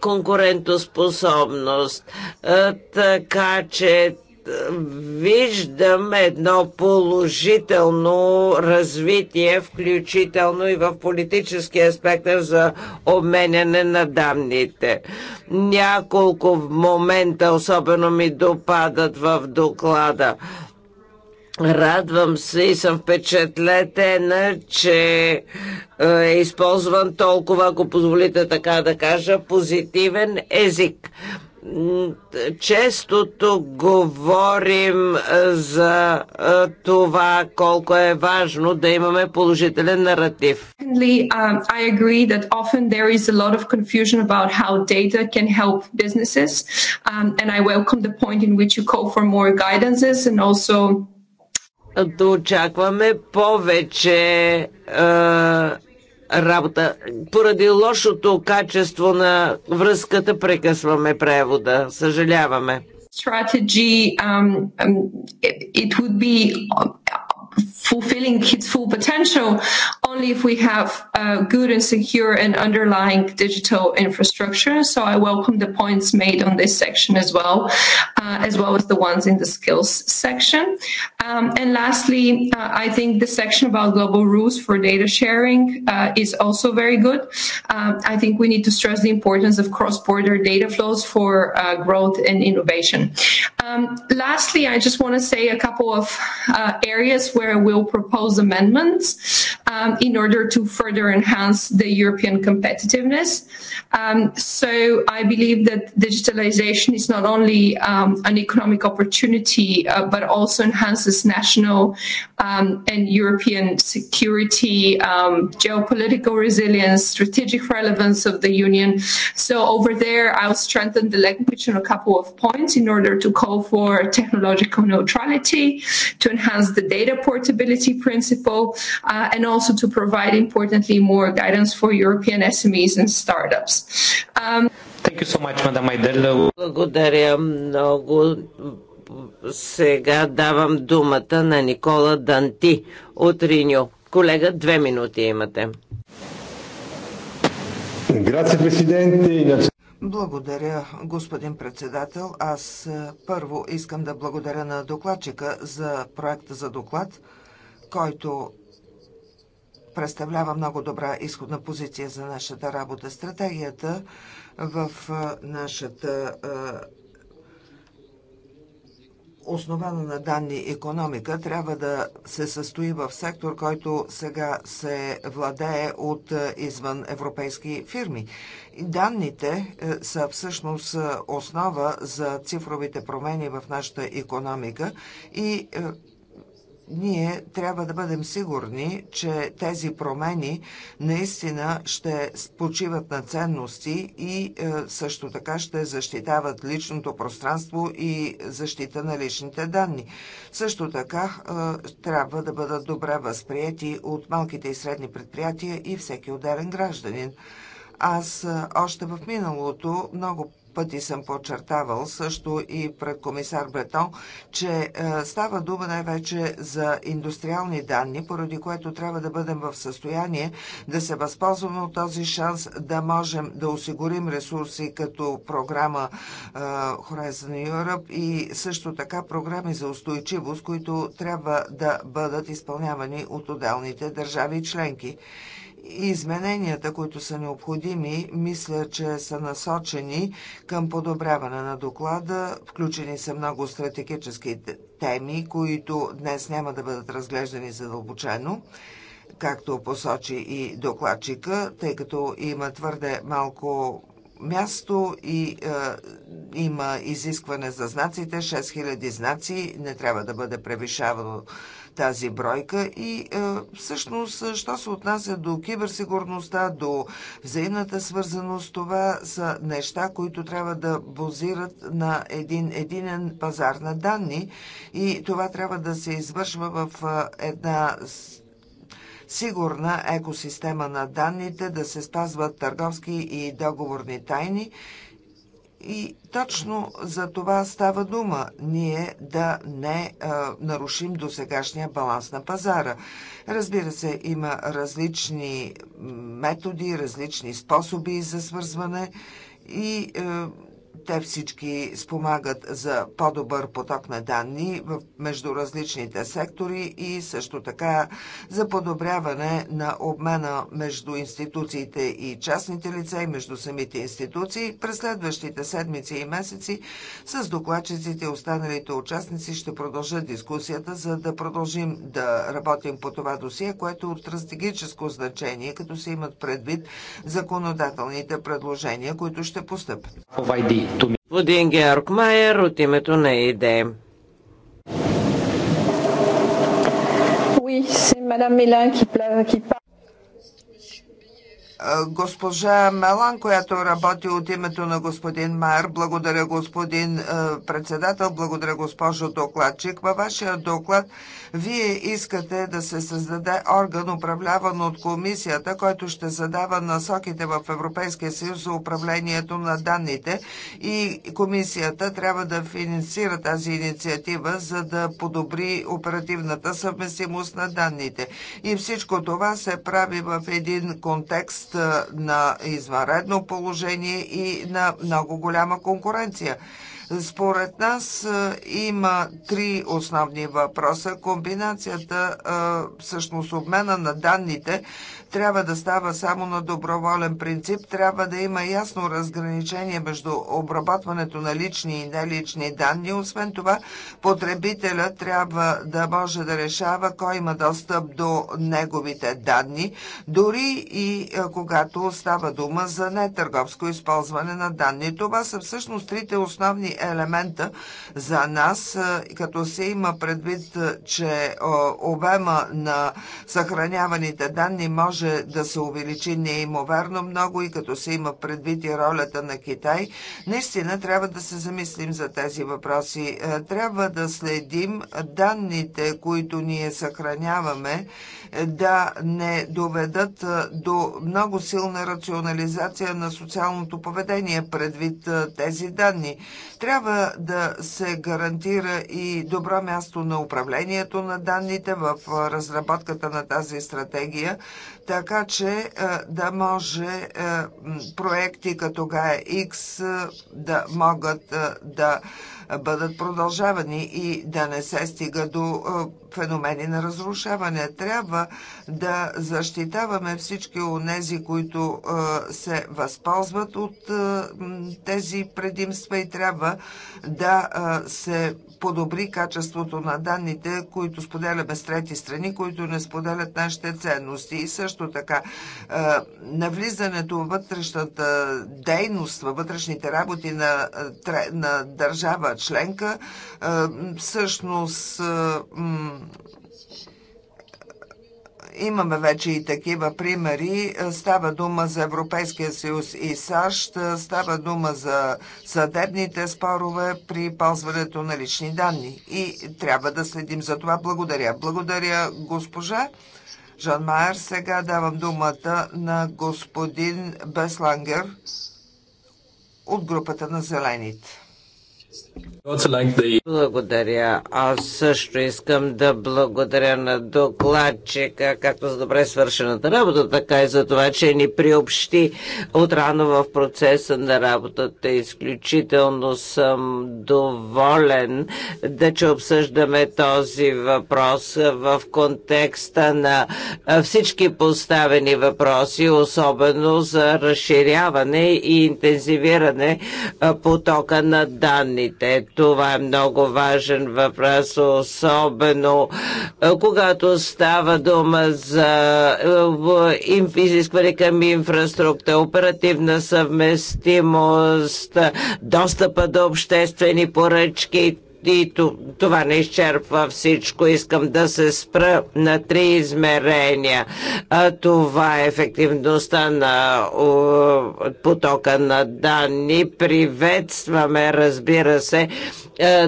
конкурентоспособност. Е, така че е, виждам едно положително развитие, включително и в политическия аспект за обменяне на данните. Няколко момента особено ми допадат в доклада. Радвам се и съм впечатлетена, че е използван толкова, ако позволите така да кажа, позитивен език често тук говорим е, за е, това колко е важно да имаме положителен наратив. Um, I agree that often there is a lot of confusion about how data can help businesses um, and I welcome the point in which you call for more guidances and also да очакваме повече работа. Поради лошото качество на връзката прекъсваме превода. Съжаляваме. Strategy, um, um it would be fulfilling its full potential only if we have uh, good and secure and underlying digital infrastructure. So I welcome the points made on this section as well, uh, as well as the ones in the skills section. Um, and lastly, uh, I think the section about global rules for data sharing uh, is also very good. Um, I think we need to stress the importance of cross-border data flows for uh, growth and innovation. Um, lastly, I just want to say a couple of uh, areas where will propose amendments um, in order to further enhance the European competitiveness. Um, so I believe that digitalization is not only um, an economic opportunity, uh, but also enhances national um, and European security, um, geopolitical resilience, strategic relevance of the Union. So over there, I'll strengthen the language on a couple of points in order to call for technological neutrality, to enhance the data portability accountability principle, uh, and also to provide, importantly, more guidance for European SMEs and startups. Um, Thank you so much, Madam Айдел. Благодаря много. Сега давам думата на Никола Данти от Риньо. Колега, две минути имате. Благодаря, господин председател. Аз е, първо искам да благодаря на докладчика за проекта за доклад който представлява много добра изходна позиция за нашата работа. Стратегията в нашата основана на данни економика трябва да се състои в сектор, който сега се владее от извън европейски фирми. Данните са всъщност основа за цифровите промени в нашата економика и ние трябва да бъдем сигурни, че тези промени наистина ще почиват на ценности и е, също така ще защитават личното пространство и защита на личните данни. Също така е, трябва да бъдат добре възприяти от малките и средни предприятия и всеки отделен гражданин. Аз още в миналото много пъти съм подчертавал също и пред комисар Бретон, че става дума най-вече за индустриални данни, поради което трябва да бъдем в състояние да се възползваме от този шанс да можем да осигурим ресурси като програма Horizon Europe и също така програми за устойчивост, които трябва да бъдат изпълнявани от отделните държави членки. Измененията, които са необходими, мисля, че са насочени към подобряване на доклада. Включени са много стратегически теми, които днес няма да бъдат разглеждани задълбочено както посочи и докладчика, тъй като има твърде малко място и е, има изискване за знаците. 6000 знаци не трябва да бъде превишавано тази бройка и е, всъщност, е, що се отнася до киберсигурността, до взаимната свързаност, това са неща, които трябва да базират на един единен пазар на данни и това трябва да се извършва в е, една сигурна екосистема на данните, да се спазват търговски и договорни тайни и точно за това става дума ние да не а, нарушим досегашния баланс на пазара. Разбира се, има различни методи, различни способи за свързване и а, те всички спомагат за по-добър поток на данни между различните сектори и също така за подобряване на обмена между институциите и частните лица и между самите институции. През следващите седмици и месеци с докладчиците и останалите участници ще продължат дискусията, за да продължим да работим по това досие, което е от стратегическо значение, като се имат предвид законодателните предложения, които ще постъпят. Господин Георг Майер от името на ИДЕ. Oui, c'est Madame Mélin qui, qui parle госпожа Мелан, която работи от името на господин Майер. Благодаря, господин председател. Благодаря, госпожо докладчик. Във вашия доклад вие искате да се създаде орган, управляван от комисията, който ще задава насоките в Европейския съюз за управлението на данните и комисията трябва да финансира тази инициатива, за да подобри оперативната съвместимост на данните. И всичко това се прави в един контекст контекст на извънредно положение и на много голяма конкуренция. Според нас има три основни въпроса. Комбинацията, всъщност обмена на данните трябва да става само на доброволен принцип, трябва да има ясно разграничение между обработването на лични и нелични данни. Освен това, потребителя трябва да може да решава кой има достъп до неговите данни, дори и когато става дума за нетърговско използване на данни. Това са всъщност трите основни елемента за нас, като се има предвид, че обема на съхраняваните данни може може да се увеличи неимоверно е много и като се има предвид и ролята на Китай, наистина трябва да се замислим за тези въпроси. Е, трябва да следим данните, които ние съхраняваме, е, да не доведат до много силна рационализация на социалното поведение предвид тези данни. Трябва да се гарантира и добро място на управлението на данните в разработката на тази стратегия така че е, да може е, проекти като Гая Икс е, да могат да бъдат продължавани и да не се стига до феномени на разрушаване. Трябва да защитаваме всички тези, които се възползват от тези предимства и трябва да се подобри качеството на данните, които споделяме с трети страни, които не споделят нашите ценности. И също така, е, навлизането в вътрешната дейност, във вътрешните работи на, е, на държава членка, е, всъщност Имаме вече и такива примери. Става дума за Европейския съюз и САЩ, става дума за съдебните спорове при ползването на лични данни. И трябва да следим за това. Благодаря. Благодаря, госпожа. Жан Майер, сега давам думата на господин Беслангер от групата на Зелените. Благодаря. Аз също искам да благодаря на докладчика, както за добре свършената работа, така и за това, че ни приобщи отрано в процеса на работата. Изключително съм доволен да че обсъждаме този въпрос в контекста на всички поставени въпроси, особено за разширяване и интензивиране потока на данните. Е, Това е много важен въпрос, особено е, когато става дума за е, изискване към инфраструктура, оперативна съвместимост, достъпа до обществени поръчки, и това не изчерпва всичко. Искам да се спра на три измерения. Това е ефективността на потока на данни. Приветстваме, разбира се, е,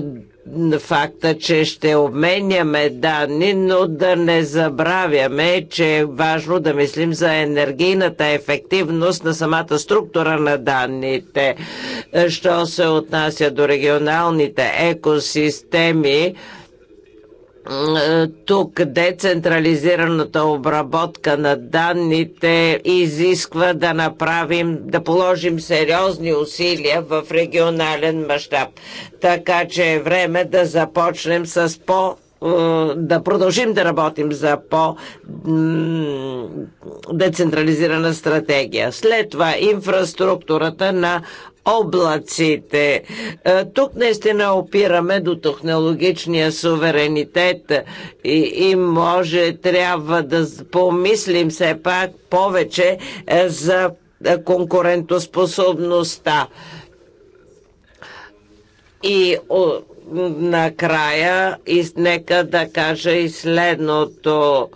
факта, че ще обменяме данни, но да не забравяме, че е важно да мислим за енергийната ефективност на самата структура на данните. Що се отнася до регионалните екосистеми, тук децентрализираната обработка на данните изисква да направим, да положим сериозни усилия в регионален мащаб. Така че е време да започнем с по е, да продължим да работим за по-децентрализирана стратегия. След това инфраструктурата на облаците. Е, тук наистина опираме до технологичния суверенитет и, и може трябва да помислим все пак повече е, за е, конкурентоспособността. И накрая, и нека да кажа и следното.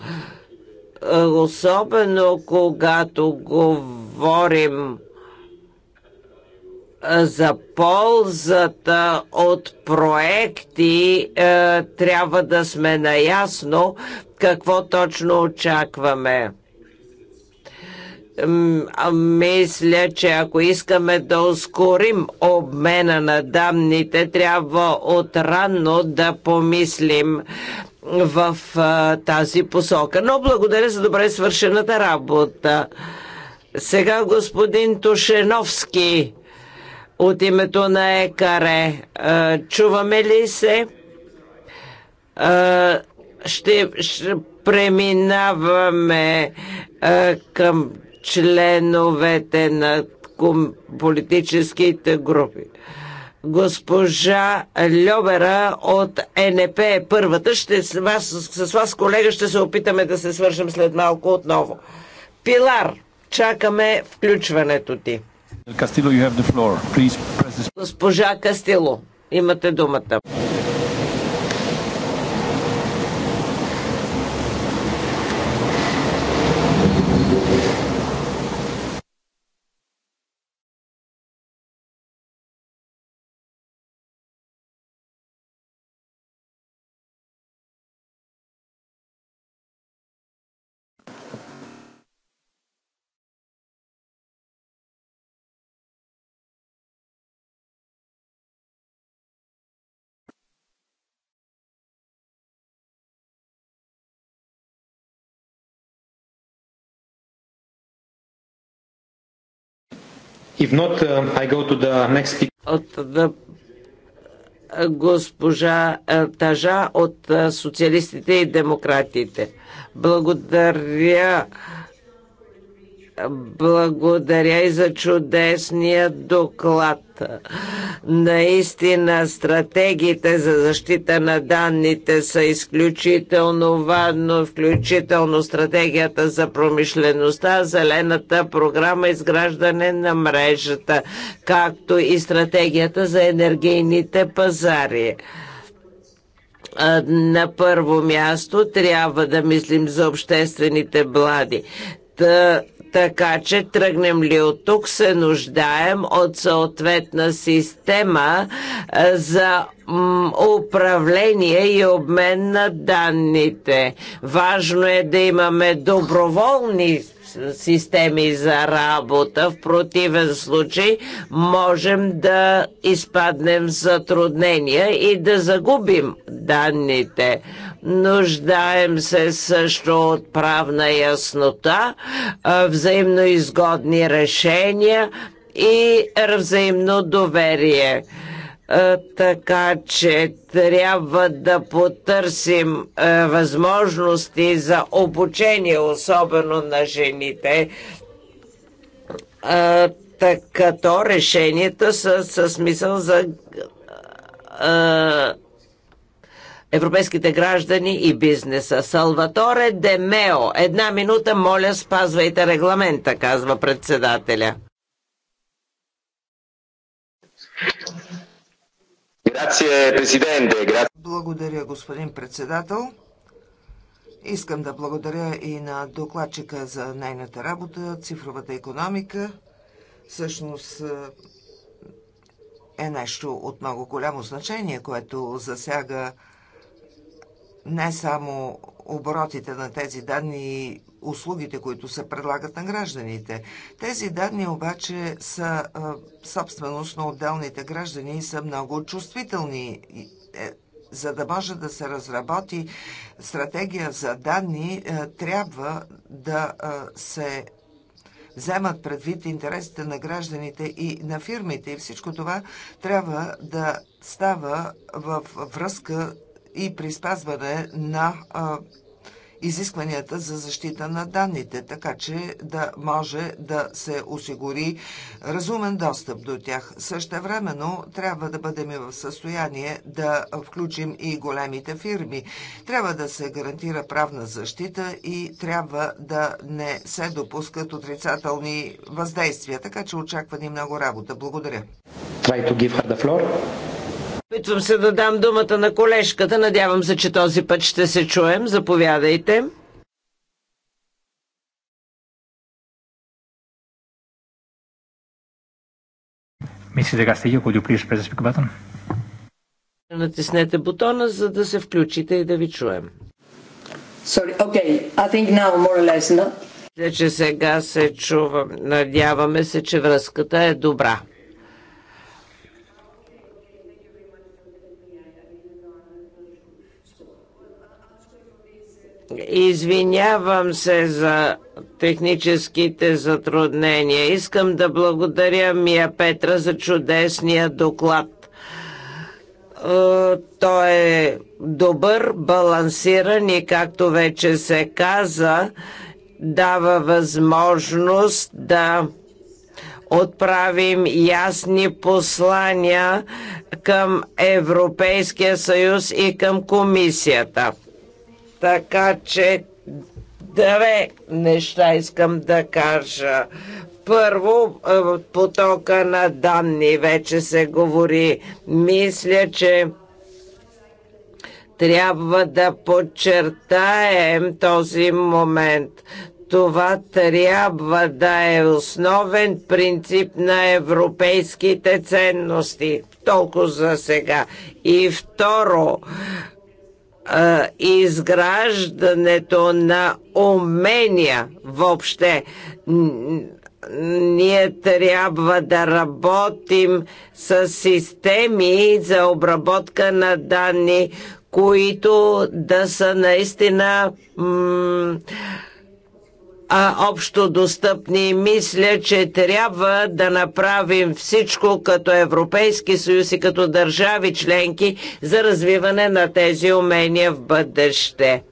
Особено когато говорим за ползата от проекти е, трябва да сме наясно какво точно очакваме. Мисля, че ако искаме да ускорим обмена на данните, трябва отранно да помислим в е, тази посока. Но благодаря за добре свършената работа. Сега господин Тушеновски от името на ЕКАРЕ. Е, чуваме ли се? Е, ще, ще преминаваме е, към членовете на политическите групи. Госпожа Льобера от НП е първата. Ще с вас, с вас, колега, ще се опитаме да се свържем след малко отново. Пилар, чакаме включването ти you have the floor. Please press this... Госпожа Кастило, имате думата. If not, uh, I go to the next speaker. От the uh, госпожа uh, Тажа от uh, социалистите и демократите. Благодаря благодаря и за чудесния доклад. Наистина стратегиите за защита на данните са изключително важно, включително стратегията за промишлеността, зелената програма изграждане на мрежата, както и стратегията за енергийните пазари. На първо място трябва да мислим за обществените блади. Та, така че тръгнем ли от тук, се нуждаем от съответна система за управление и обмен на данните. Важно е да имаме доброволни системи за работа. В противен случай можем да изпаднем в затруднения и да загубим данните. Нуждаем се също от правна яснота, взаимно изгодни решения и взаимно доверие така че трябва да потърсим възможности за обучение, особено на жените, като решенията са със смисъл за европейските граждани и бизнеса. Салваторе Демео, една минута, моля, спазвайте регламента, казва председателя. Благодаря, господин председател. Искам да благодаря и на докладчика за нейната работа, цифровата економика. Всъщност е, е нещо от много голямо значение, което засяга не само оборотите на тези данни и услугите, които се предлагат на гражданите. Тези данни обаче са собственост на отделните граждани и са много чувствителни е, за да може да се разработи стратегия за данни, е, трябва да се вземат предвид интересите на гражданите и на фирмите. И всичко това трябва да става в връзка и при спазване на изискванията за защита на данните, така че да може да се осигури разумен достъп до тях. Също времено трябва да бъдем и в състояние да включим и големите фирми. Трябва да се гарантира правна защита и трябва да не се допускат отрицателни въздействия, така че очаква ни много работа. Благодаря. Try to give her the floor. Опитвам се да дам думата на колежката. Надявам се, че този път ще се чуем. Заповядайте. Мисля да сте ако дюплиш през Натиснете бутона, за да се включите и да ви чуем. Sorry, okay. I think now more or less, no? Че сега се чувам. Надяваме се, че връзката е добра. Извинявам се за техническите затруднения. Искам да благодаря Мия Петра за чудесния доклад. Е, той е добър, балансиран и, както вече се каза, дава възможност да отправим ясни послания към Европейския съюз и към комисията. Така че две неща искам да кажа. Първо, е, потока на данни вече се говори. Мисля, че трябва да подчертаем този момент. Това трябва да е основен принцип на европейските ценности. Толкова за сега. И второ, изграждането на умения въобще. Ние трябва да работим с системи за обработка на данни, които да са наистина а, общо достъпни. Мисля, че трябва да направим всичко като Европейски съюз и като държави членки за развиване на тези умения в бъдеще.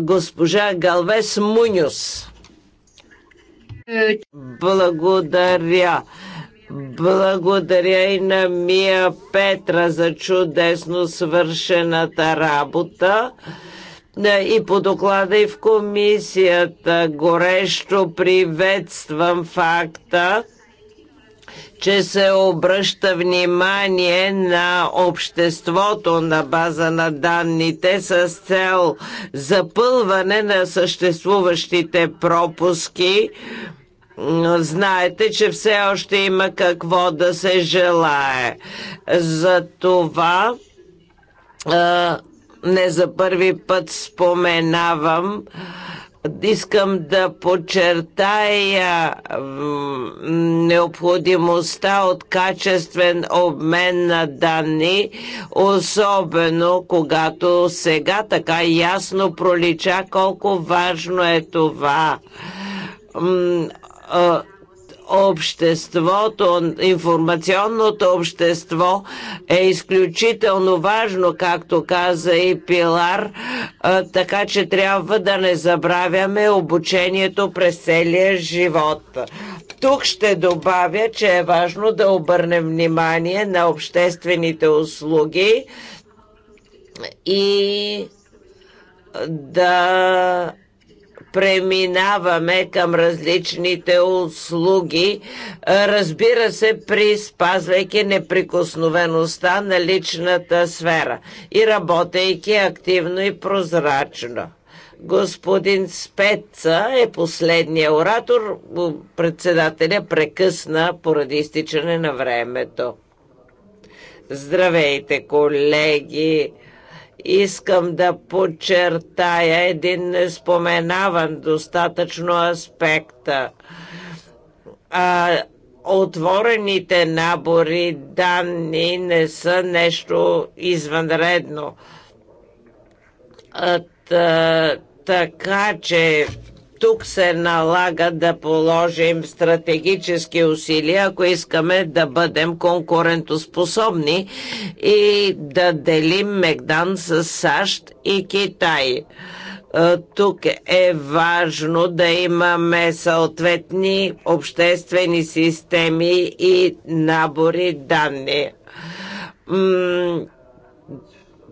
Госпожа Галвес Мунюс. Благодаря. Благодаря и на Мия Петра за чудесно свършената работа и по доклада и в комисията. Горещо приветствам факта, че се обръща внимание на обществото на база на данните с цел запълване на съществуващите пропуски. Знаете, че все още има какво да се желае. За това не за първи път споменавам. Искам да подчертая необходимостта от качествен обмен на данни, особено когато сега така ясно пролича колко важно е това обществото, информационното общество е изключително важно, както каза и Пилар, така че трябва да не забравяме обучението през целия живот. Тук ще добавя, че е важно да обърнем внимание на обществените услуги и да преминаваме към различните услуги, разбира се, при спазвайки неприкосновеността на личната сфера и работейки активно и прозрачно. Господин Спеца е последния оратор. Председателя прекъсна поради изтичане на времето. Здравейте, колеги! Искам да подчертая един неспоменаван достатъчно аспект. А, отворените набори данни не са нещо извънредно. А, така че тук се налага да положим стратегически усилия, ако искаме да бъдем конкурентоспособни и да делим Мегдан с САЩ и Китай. Е, тук е важно да имаме съответни обществени системи и набори данни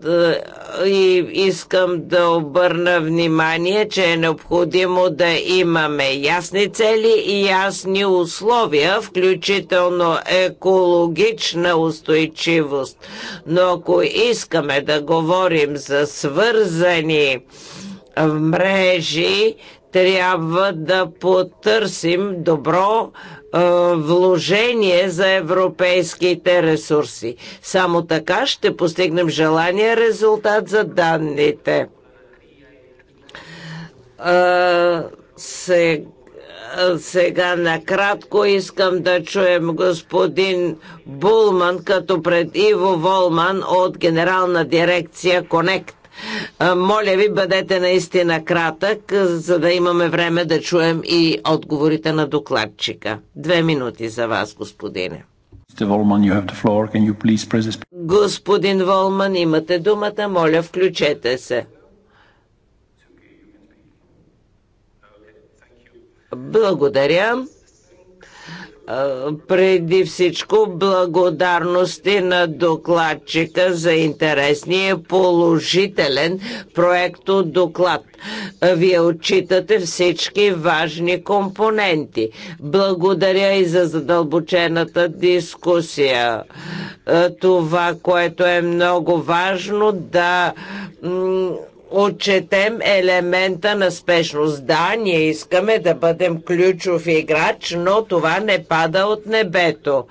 е, и искам да обърна внимание, че е необходимо да имаме ясни цели и ясни условия, включително екологична устойчивост. Но ако искаме да говорим за свързани мрежи, трябва да потърсим добро е, вложение за европейските ресурси. Само така ще постигнем желания резултат за данните. Е, сега сега накратко искам да чуем господин Булман като пред Иво Волман от Генерална дирекция Конект. Моля ви, бъдете наистина кратък, за да имаме време да чуем и отговорите на докладчика. Две минути за вас, господине. Господин Волман, имате думата. Моля, включете се. Благодаря преди всичко благодарности на докладчика за интересния положителен проекто доклад. Вие отчитате всички важни компоненти. Благодаря и за задълбочената дискусия. Това, което е много важно да отчетем елемента на спешност. Да, ние искаме да бъдем ключов играч, но това не пада от небето.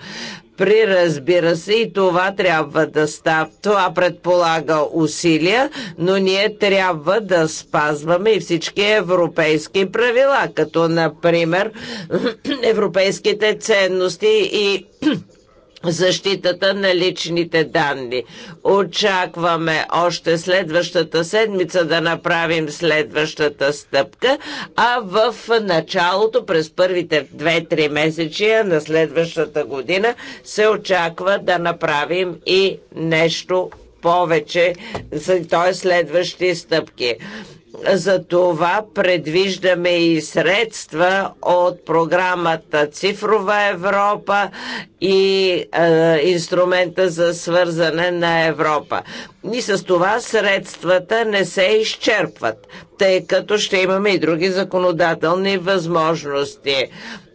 При разбира се и това трябва да става. Това предполага усилия, но ние трябва да спазваме и всички европейски правила, като например европейските ценности и защитата на личните данни. Очакваме още следващата седмица да направим следващата стъпка, а в началото, през първите 2-3 месечия на следващата година, се очаква да направим и нещо повече, т.е. следващи стъпки. За това предвиждаме и средства от програмата Цифрова Европа и е, инструмента за свързане на Европа. И с това средствата не се изчерпват, тъй като ще имаме и други законодателни възможности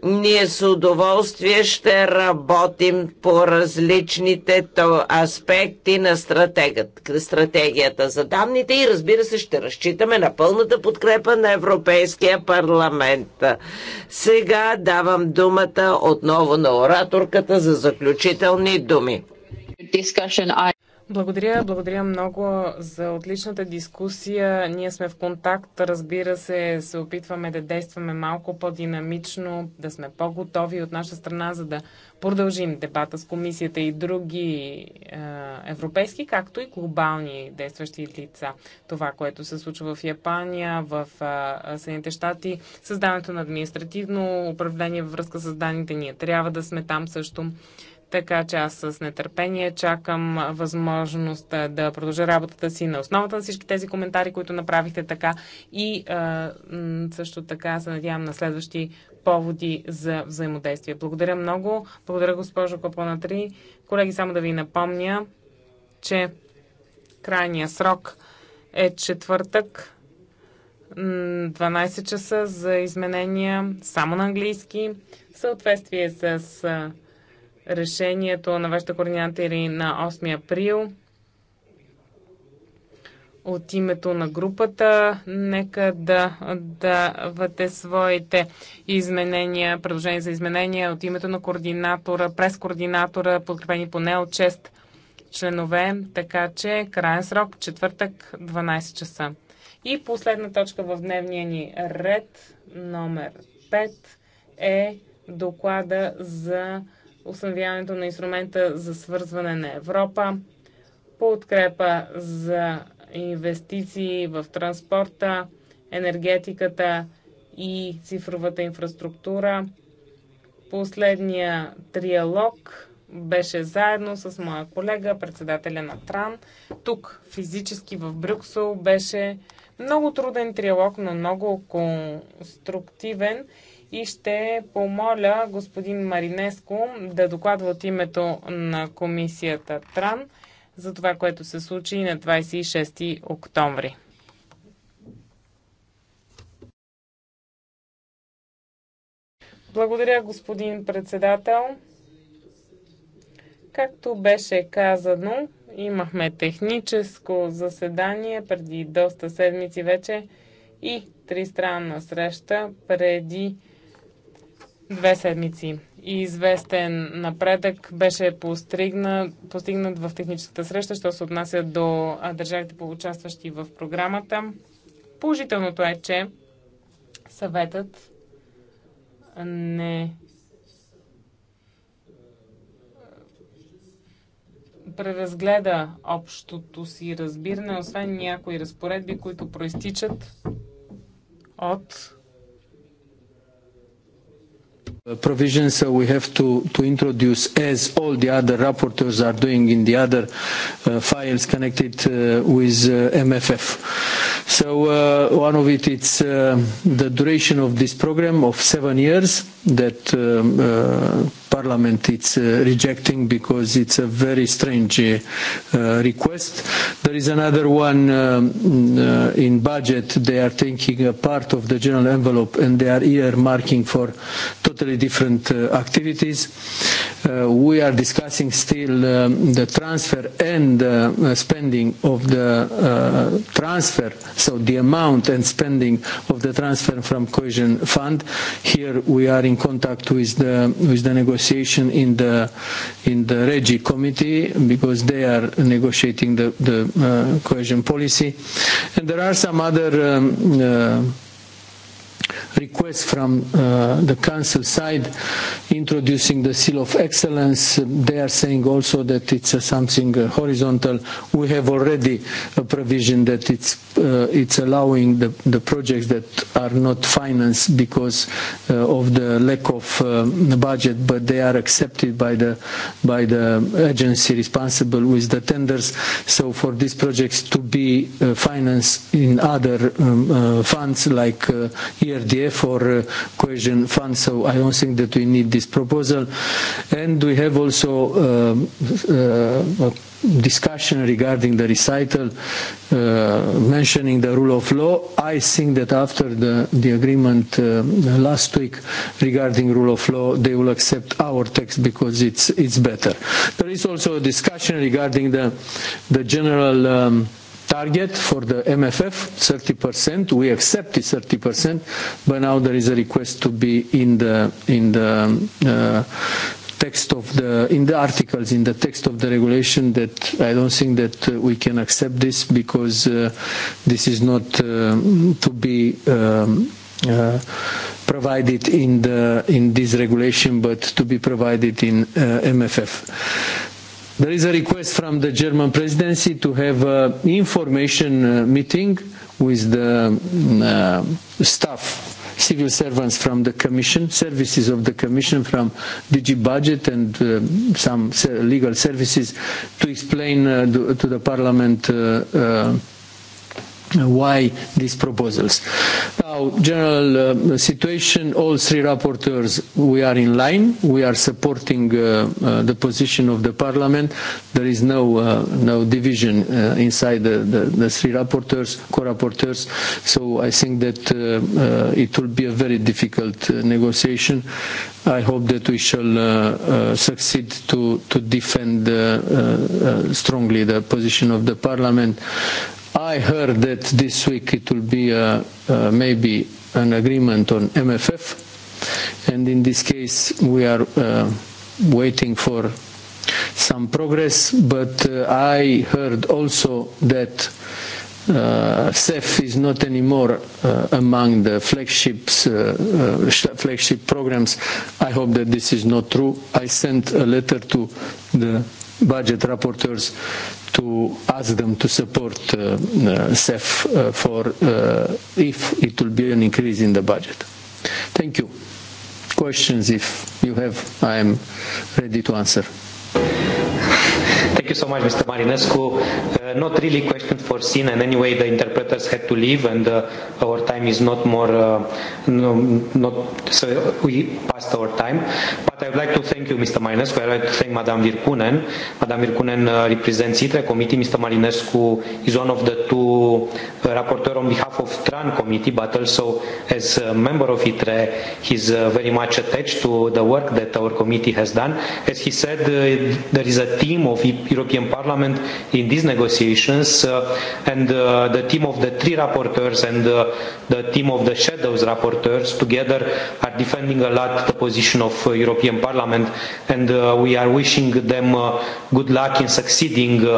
ние с удоволствие ще работим по различните аспекти на стратегията, стратегията за данните и разбира се ще разчитаме на пълната подкрепа на Европейския парламент. Сега давам думата отново на ораторката за заключителни думи. Благодаря, благодаря много за отличната дискусия. Ние сме в контакт, разбира се, се опитваме да действаме малко по-динамично, да сме по-готови от наша страна, за да продължим дебата с комисията и други е, европейски, както и глобални действащи лица. Това, което се случва в Япония, в е, Съединените щати, създаването на административно управление във връзка с данните, ние трябва да сме там също така че аз с нетърпение чакам възможност да продължа работата си на основата на всички тези коментари, които направихте така. И а, също така се надявам на следващи поводи за взаимодействие. Благодаря много. Благодаря, госпожо Капона 3. Колеги, само да ви напомня, че крайния срок е четвъртък, 12 часа за изменения само на английски, в съответствие с решението на вашите координатори на 8 април. От името на групата, нека да давате своите изменения, предложения за изменения от името на координатора, през координатора, подкрепени поне от 6 членове, така че крайен срок четвъртък 12 часа. И последна точка в дневния ни ред, номер 5, е доклада за осъвяването на инструмента за свързване на Европа, подкрепа за инвестиции в транспорта, енергетиката и цифровата инфраструктура. Последния триалог беше заедно с моя колега, председателя на Тран. Тук, физически в Брюксел, беше много труден триалог, но много конструктивен и ще помоля господин Маринеско да докладва от името на комисията ТРАН за това, което се случи на 26 октомври. Благодаря, господин председател. Както беше казано, имахме техническо заседание преди доста седмици вече и тристранна среща преди две седмици. И известен напредък беше постигнат, в техническата среща, що се отнася до държавите, участващи в програмата. Положителното е, че съветът не преразгледа общото си разбиране, освен някои разпоредби, които проистичат от provisions, so we have to, to introduce, as all the other rapporteurs are doing in the other uh, files connected uh, with uh, MFF. So uh, one of it is uh, the duration of this program of seven years that um, uh, Parliament it's uh, rejecting because it's a very strange uh, request. There is another one um, uh, in budget. They are taking a part of the general envelope and they are earmarking for totally different uh, activities. Uh, we are discussing still um, the transfer and uh, spending of the uh, transfer, so the amount and spending of the transfer from cohesion fund. Here we are in contact with the with the negotiation negotiation in the in the Regi committee because they are negotiating the the uh, cohesion policy, and there are some other. Um, uh, request from uh, the council side introducing the seal of excellence. They are saying also that it's uh, something uh, horizontal. We have already a provision that it's uh, it's allowing the, the projects that are not financed because uh, of the lack of um, budget, but they are accepted by the by the agency responsible with the tenders. So for these projects to be uh, financed in other um, uh, funds like uh, ERDF or uh, cohesion fund, so I don't think that we need this proposal. And we have also uh uh, a discussion regarding the recital uh, mentioning the rule of law. I think that after the, the agreement uh, last week regarding rule of law, they will accept our text because it's, it's better. There is also a discussion regarding the, the general um, target for the MFF, 30%. We accept the 30%, but now there is a request to be in the in the uh text of the in the articles in the text of the regulation that I don't think that uh, we can accept this because uh, this is not uh, to be um, uh, provided in the in this regulation but to be provided in uh, MFF There is a request from the German presidency to have an information uh, meeting with the uh, staff civil servants from the commission, services of the commission from DG budget and uh, some legal services to explain uh, to the parliament uh, uh, why these proposals. Now, general uh, situation, all three rapporteurs, we are in line. We are supporting uh, uh, the position of the parliament. There is no uh, no division uh, inside the, the, the three rapporteurs, co-rapporteurs. So I think that uh, uh, it will be a very difficult uh, negotiation. I hope that we shall uh, uh, succeed to, to defend uh, uh, strongly the position of the parliament I heard that this week it will be uh, uh, maybe an agreement on MFF, and in this case we are uh, waiting for some progress. But uh, I heard also that uh, CEF is not anymore uh, among the flagships, uh, uh, flagship programs. I hope that this is not true. I sent a letter to the budget rapporteurs to ask them to support uh, uh, CEF uh, for uh, if it will be an increase in the budget. Thank you. Questions, if you have, I am ready to answer. Thank you so much, Mr. Marinescu. Uh, not really question foreseen, and anyway, the interpreters had to leave, and uh, our time is not more, uh, no, not so we passed our time. But I would like to thank you, Mr. Marinescu. I would like to thank Madame Virkunen. Madame Virkunen uh, represents ITRE committee. Mr. Marinescu is one of the two uh, rapporteurs on behalf of TRAN committee, but also as a member of ITRE, he's uh, very much attached to the work that our committee has done. As he said, uh, there is a team of European Parliament in these negotiations, uh, and uh, the team of the three rapporteurs and uh, the team of the shadows rapporteurs together are defending a lot the position of uh, European Parliament, and uh, we are wishing them uh, good luck in succeeding uh,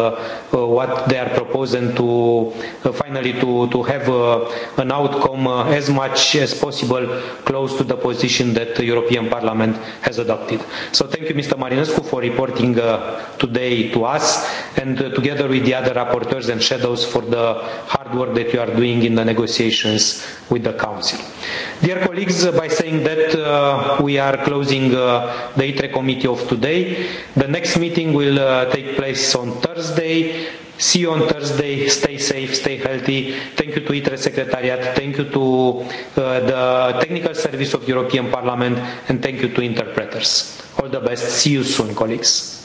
uh, what they are proposing to uh, finally to to have uh, an outcome uh, as much as possible close to the position that the European Parliament has adopted. So thank you, Mr. Marinescu, for reporting reporting uh, today to us, and uh, together with the other rapporteurs and shadows for the work that you are doing in the negotiations with the Council. Dear colleagues, by saying that, uh, we are closing uh, the ITRE committee of today. The next meeting will uh, take place on Thursday. See you on Thursday. Stay safe, stay healthy. Thank you to ITRE Secretariat. Thank you to uh, the Technical Service of European Parliament. And thank you to interpreters. All the best. See you soon, colleagues.